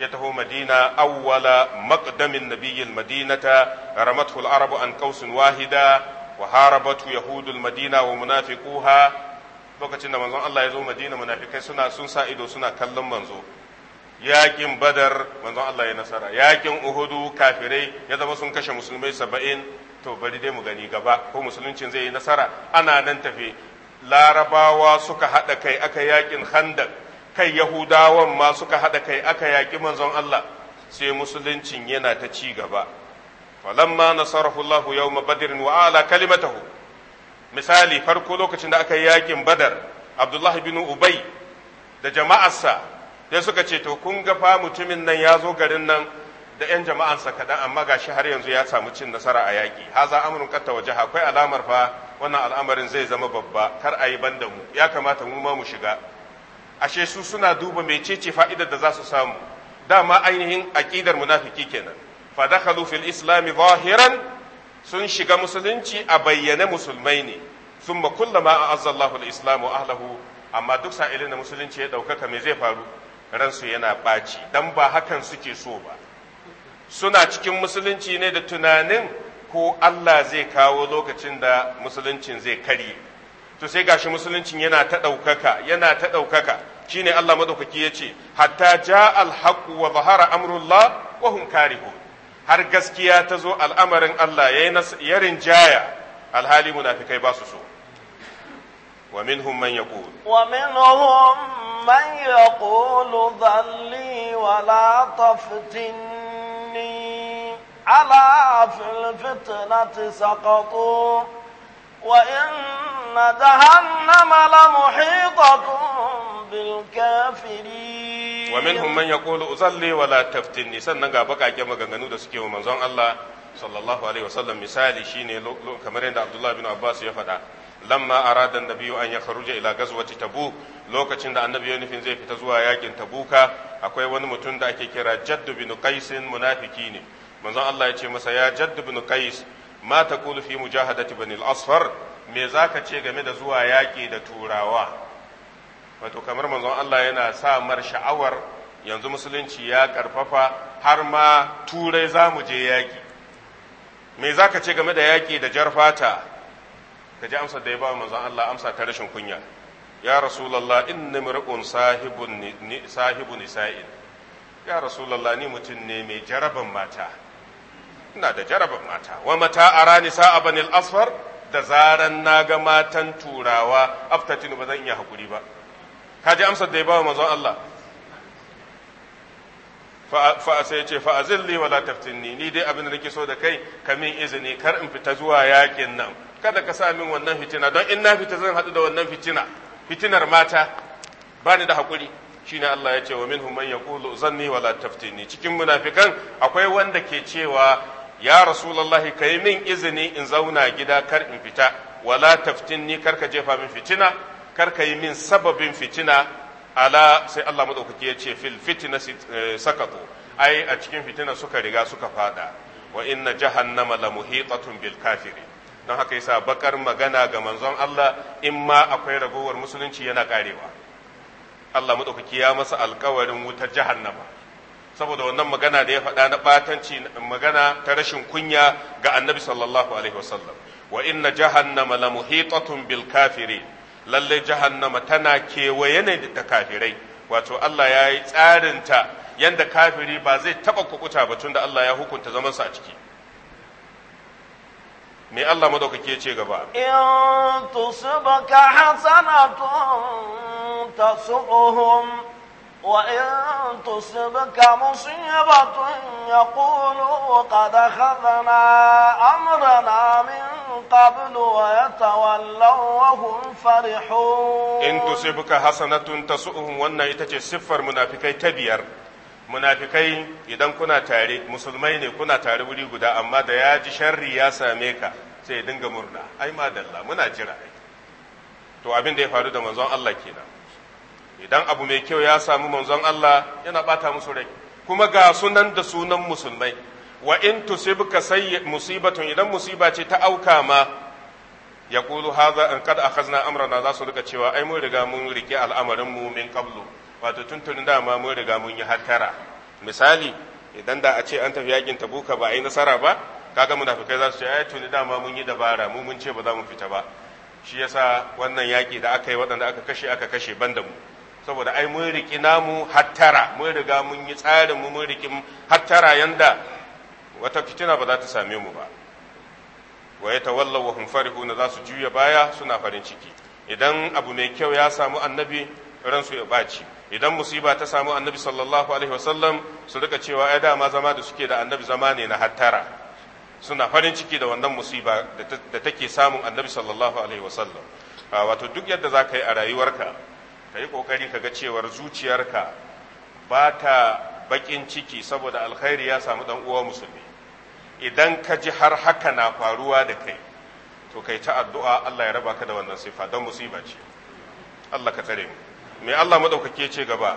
ya taho madina awwala maqdamin nabiyil madinata ramathu al-arabu an qausin wahida wa harabatu yahudul madina wa munafiquha lokacin da manzon Allah ya zo Madina munafikai suna sun sa ido suna kallon manzo yakin Badar manzon Allah ya nasara yakin Uhudu kafirai ya zama sun kashe musulmai saba'in to bari dai mu gani gaba ko musuluncin zai yi nasara ana nan tafe larabawa suka haɗa kai aka yakin handak kai yahudawan ma suka haɗa kai aka yaki manzon Allah sai musuluncin yana ta ci gaba falamma nasarahu Allah yawma badrin wa ala kalimatahu misali farko lokacin da aka yi yakin badar abdullahi bin ubai da jama'arsa sai suka ce to kun ga fa mutumin nan ya zo garin nan da 'yan jama'ansa kaɗan amma ga shi har yanzu ya samu cin nasara a yaƙi haza amurin ƙatta waje akwai alamar fa wannan al'amarin zai zama babba kar a yi ban da mu ya kamata mu ma mu shiga ashe su suna duba mecece fa'idar da za su samu dama ainihin aƙidar munafiki kenan fa dakhalu fil islami zahiran sun shiga musulunci a bayyane musulmai ne sun makulla ma azzallahu al-islamu ahlahu amma duk sa'ilin da musulunci ya ɗaukaka me zai faru ransu yana ɓaci dan ba hakan suke so ba suna cikin musulunci ne da tunanin ko Allah zai kawo lokacin da musuluncin zai karye to sai gashi musuluncin yana ta ɗaukaka yana ta ɗaukaka shine Allah madaukaki ya ce hatta ja al wa zahara amrullah wa hum karihun har gaskiya ta zo al’amarin Allah ya rinjaya alhali munafikai ba su so. Wa minhum man ya Wa minhum man ya ƙulu zalli wa latafitinni, ala fil fitnati saƙaƙo. وإن جهنم لمحيطة بالكافرين ومنهم من يقول أصلي ولا تفتني sannan ga bakaƙe maganganu da suke wa manzon Allah sallallahu alaihi wasallam misali shine kamar yadda Abdullah bin Abbas ya faɗa lamma arada annabi an yakhruja ila gazwati tabuk lokacin da annabi ya zai fita zuwa yakin tabuka akwai wani mutum da ake kira jadd bin munafiki ne manzon Allah ya ce masa ya jadd bin ma taqulu fi mujahadati bani al-asfar me zaka ce game da zuwa yaki da turawa wato kamar manzon Allah yana sa mar sha'awar yanzu musulunci ya karfafa har ma turai za mu je yaki. me zaka ce game da yaki da jarfata ka ji da ya ba manzon Allah amsa ta rashin kunya ya rasulullah inni mar'un sahibun sahibun nisa'in ya rasulullah ni mutum ne mai jaraban mata ina da jarabar mata wa mata rani sa abanil asfar da zaran na ga matan turawa aftatinu ba zan iya hakuri ba kaji amsar da ya bawa manzon Allah fa sai ya ce fa azilli wala taftinni ni dai abin da nake so da kai ka min izini kar in fita zuwa yakin nan kada ka sa min wannan fitina don in na fita zan hadu da wannan fitina fitinar mata ba ni da hakuri ne Allah ya ce wa minhum man yaqulu zanni wala taftini cikin munafikan akwai wanda ke cewa ya rasulullahi kai min izini in zauna gida kar in fita wala taftinni kar ka jefa min fitina kar ka yi min sababin fitina ala sai Allah madaukaki ya ce fil fitina eh, sakatu ai a cikin fitina suka riga suka fada wa inna jahannama la muhitatun bil kafiri don haka yasa bakar magana ga manzon Allah in ma akwai ragowar musulunci yana karewa Allah madaukaki ya masa alkawarin wutar jahannama saboda wannan magana da ya faɗa na batanci magana ta rashin kunya ga annabi sallallahu alaihi wasallam wa inna jahannama la muhitatun bil kafiri lalle jahannama tana kewaye ne da kafirai wato Allah ya yi tsarin ta yanda kafiri ba zai taba kukuta ba tunda Allah ya hukunta zamansa a ciki me Allah madaukake ce gaba in tusibaka hasanatun tasuhum وإن تصبك مصيبة يقولوا قد أخذنا أمرنا من قبل ويتولوا وهم فرحون إن تصبك حسنة تسؤهم وأن يتجي صفر منافقي تبير munafikai idan kuna tare musulmai ne kuna tare wuri guda amma da ya ji sharri ya same ka sai ya dinga murna ai madalla muna jira to abin da ya faru da manzon Allah kenan idan abu mai kyau ya samu manzon Allah yana bata musu rai kuma ga sunan da sunan musulmai wa in tusibka sayyi musibatun idan musiba ce ta auka ma yaqulu hadha an qad akhazna amrana za su rika cewa ai mun riga mun rike al'amarin mu min qablu wato tuntunin ma mun riga mun yi hattara misali idan da a ce an tafi yakin tabuka ba a yi nasara ba kaga munafikai za su ce ai tuni dama mun yi dabara mu mun ce ba za mu fita ba shi yasa wannan yaki da aka yi waɗanda aka kashe aka kashe ban da mu saboda ai mun riki namu hattara mun riga mun yi tsarin mu mun riki hattara yanda wata fitina ba za ta same mu ba wa yatawallaw wa hum na za su juya baya suna farin ciki idan abu mai kyau ya samu annabi ransu ya baci idan musiba ta samu annabi sallallahu alaihi wasallam su rika cewa ai dama zama da suke da annabi zama ne na hattara suna farin ciki da wannan musiba da take samun annabi sallallahu alaihi wasallam ah, wato duk yadda za ka yi a rayuwarka ka yi ƙoƙari ka ga cewar zuciyarka ba ta baƙin ciki saboda alkhairi ya samu ɗan uwa musulmi idan ka ji har haka na faruwa da kai to kai ta addu'a Allah ya raba ka da wannan sifa don musiba ce Allah ka tsare mu me Allah madaukake ce gaba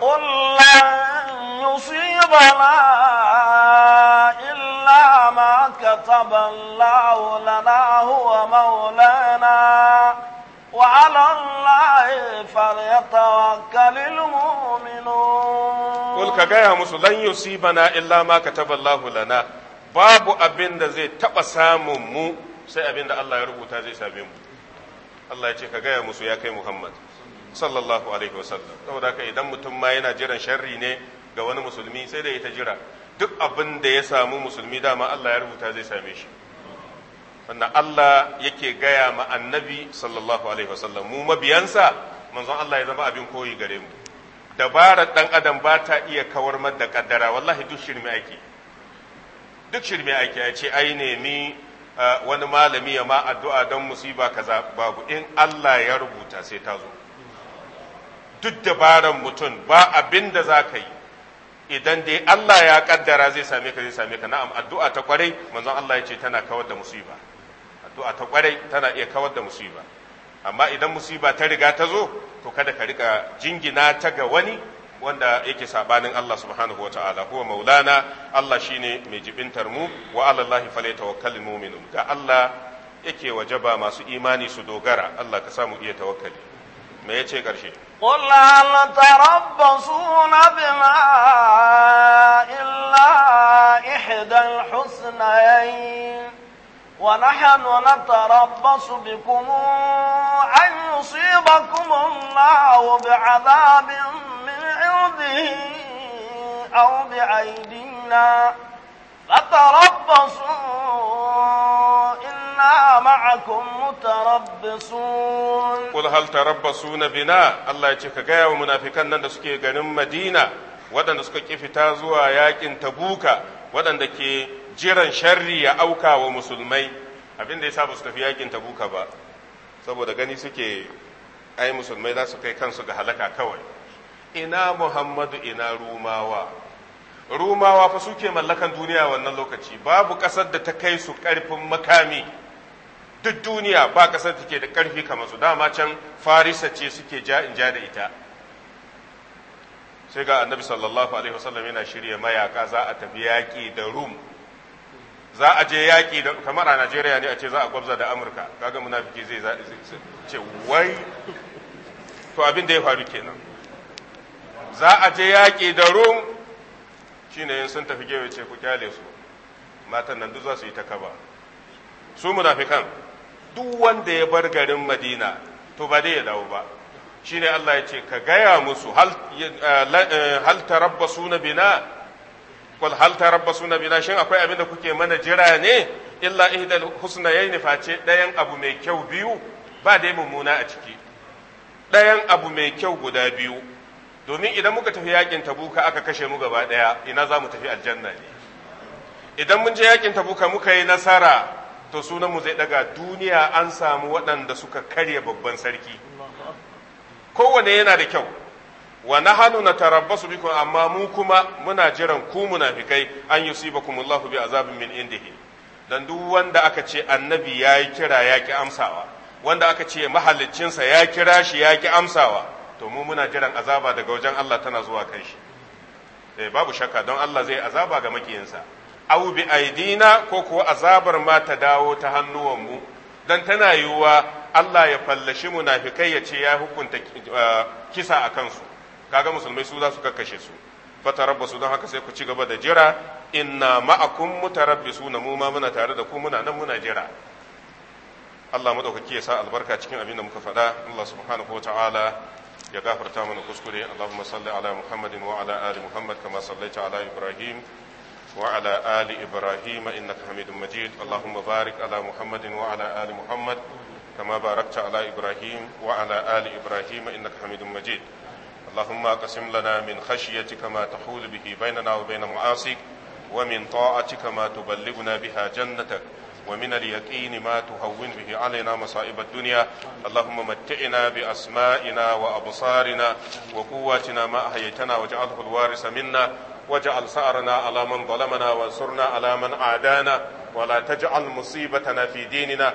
ma kataba Allah lana maulana وعلى الله فليتوكل المؤمنون قل كغايا مسو لن يصيبنا إلا ما كتب الله لنا babu abin da zai taɓa samun mu sai abin da Allah ya rubuta zai same mu Allah ya ce ka gaya musu ya kai Muhammad sallallahu alaihi wasallam saboda haka idan mutum ma yana jiran sharri ne ga wani musulmi sai da ita jira duk abin da ya samu musulmi dama Allah ya rubuta zai same shi wanda Allah yake gaya ma annabi sallallahu alaihi wasallam mu mabiyansa manzon Allah ya zama abin koyi gare mu dabarar dan adam ba ta iya kawar da kaddara wallahi duk shirme ake duk shirme ake ya ce ai nemi wani malami ya ma addu'a don musiba kaza babu in Allah ya rubuta sai ta zo duk dabaran mutum ba abin da za ka yi idan dai Allah ya kaddara zai same ka zai same ka na'am addu'a ta kwarai manzon Allah ya ce tana kawar da musiba to a ta kwarai tana iya kawar da musiba amma idan musiba ta riga ta zo to kada ka rika jingina ta ga wani wanda yake sabanin Allah subhanahu wa ta'ala huwa maulana Allah shine mai jibintar mu wa alallahi tawakkalul muminu ga Allah yake wajaba masu imani su dogara Allah ka samu iya tawakkali me yace karshe قل هل تربصون بما إلا إحدى الحسنيين ونحن نتربص بكم أن يصيبكم الله بعذاب من عنده أو بأيدينا فتربصوا إنا معكم متربصون قل هل تربصون بنا الله يتشكى يا منافقان نسكي غنم مدينة ودن نسكي فتازوا ياكن تبوكا ودن دكي jiran sharri ya auka wa musulmai abin da ya sa ba su tafi yakin tabuka ba saboda gani suke ai musulmai za su kai kansu ga halaka kawai ina muhammadu ina rumawa rumawa fa suke mallakan duniya wannan lokaci babu ƙasar da ta kai su ƙarfin makami duk duniya ba ƙasar take ke da ƙarfi kamar su dama can farisa ce suke ja in ja da ita sai ga annabi sallallahu alaihi wasallam yana shirya mayaka za a tafi yaƙi da rum za a je yaƙi kamar a najeriya ne a ce za a gwabza da amurka kaga munafiki zai ce wai to abin da ya faru kenan za a je yaƙi da rum ne yin sun tafi gewe ce ku kyale su matan nan duk za su yi ta kaba su munafikan duk wanda ya bar garin madina to ba dai ya dawo ba Shi ne allah ya ce ka gaya musu hal eh, eh, rabba suna bina kul hal na bina shin akwai abin da kuke mana jira ne illa ihdal husnayayn face ɗayan abu mai kyau biyu ba da mummuna a ciki ɗayan abu mai kyau guda biyu domin idan muka tafi yakin tabuka aka kashe mu gaba ɗaya ina za mu tafi aljanna ne idan mun je yakin tabuka muka yi nasara to sunan mu zai daga duniya an samu waɗanda suka karya babban sarki kowane yana da kyau wa na nahnu natarabbasu biku amma mu kuma muna jiran ku munafikai an yi yusibakumullahu bi azabin min indihi dan duk wanda aka ce annabi ya yi kira ya yaki amsawa wanda aka ce mahaliccinsa ya kira shi ya ki amsawa to mu muna jiran azaba daga wajen Allah tana zuwa kan shi eh babu shakka don Allah zai azaba ga makiyinsa au bi aidina ko kuwa azabar ma ta dawo ta mu dan tana yiwuwa Allah ya fallashi munafikai ya ce ya hukunta eh, kisa a kansu kaga musulmai su za su kakkashe su su don haka sai ku ci gaba da jira inna ma'akum na mu ma muna tare da ku muna nan muna jira Allah madaukaki ya sa albarka cikin abin da muka faɗa Allah subhanahu wataala ya gafarta mana kuskure Allahumma salli ala Muhammadin wa ala ali Muhammad kama sallaita ala Ibrahim wa ala ali Ibrahim innaka Hamidum Majid Allahumma barik ala Muhammadin wa ala ali Muhammad kama barakta ala Ibrahim wa ala ali Ibrahim innaka Hamidum Majid اللهم اقسم لنا من خشيتك ما تحول به بيننا وبين معاصيك ومن طاعتك ما تبلغنا بها جنتك ومن اليقين ما تهون به علينا مصائب الدنيا اللهم متئنا بأسمائنا وأبصارنا وقواتنا ما أحييتنا واجعله الوارث منا واجعل سأرنا على من ظلمنا وانصرنا على من عادانا ولا تجعل مصيبتنا في ديننا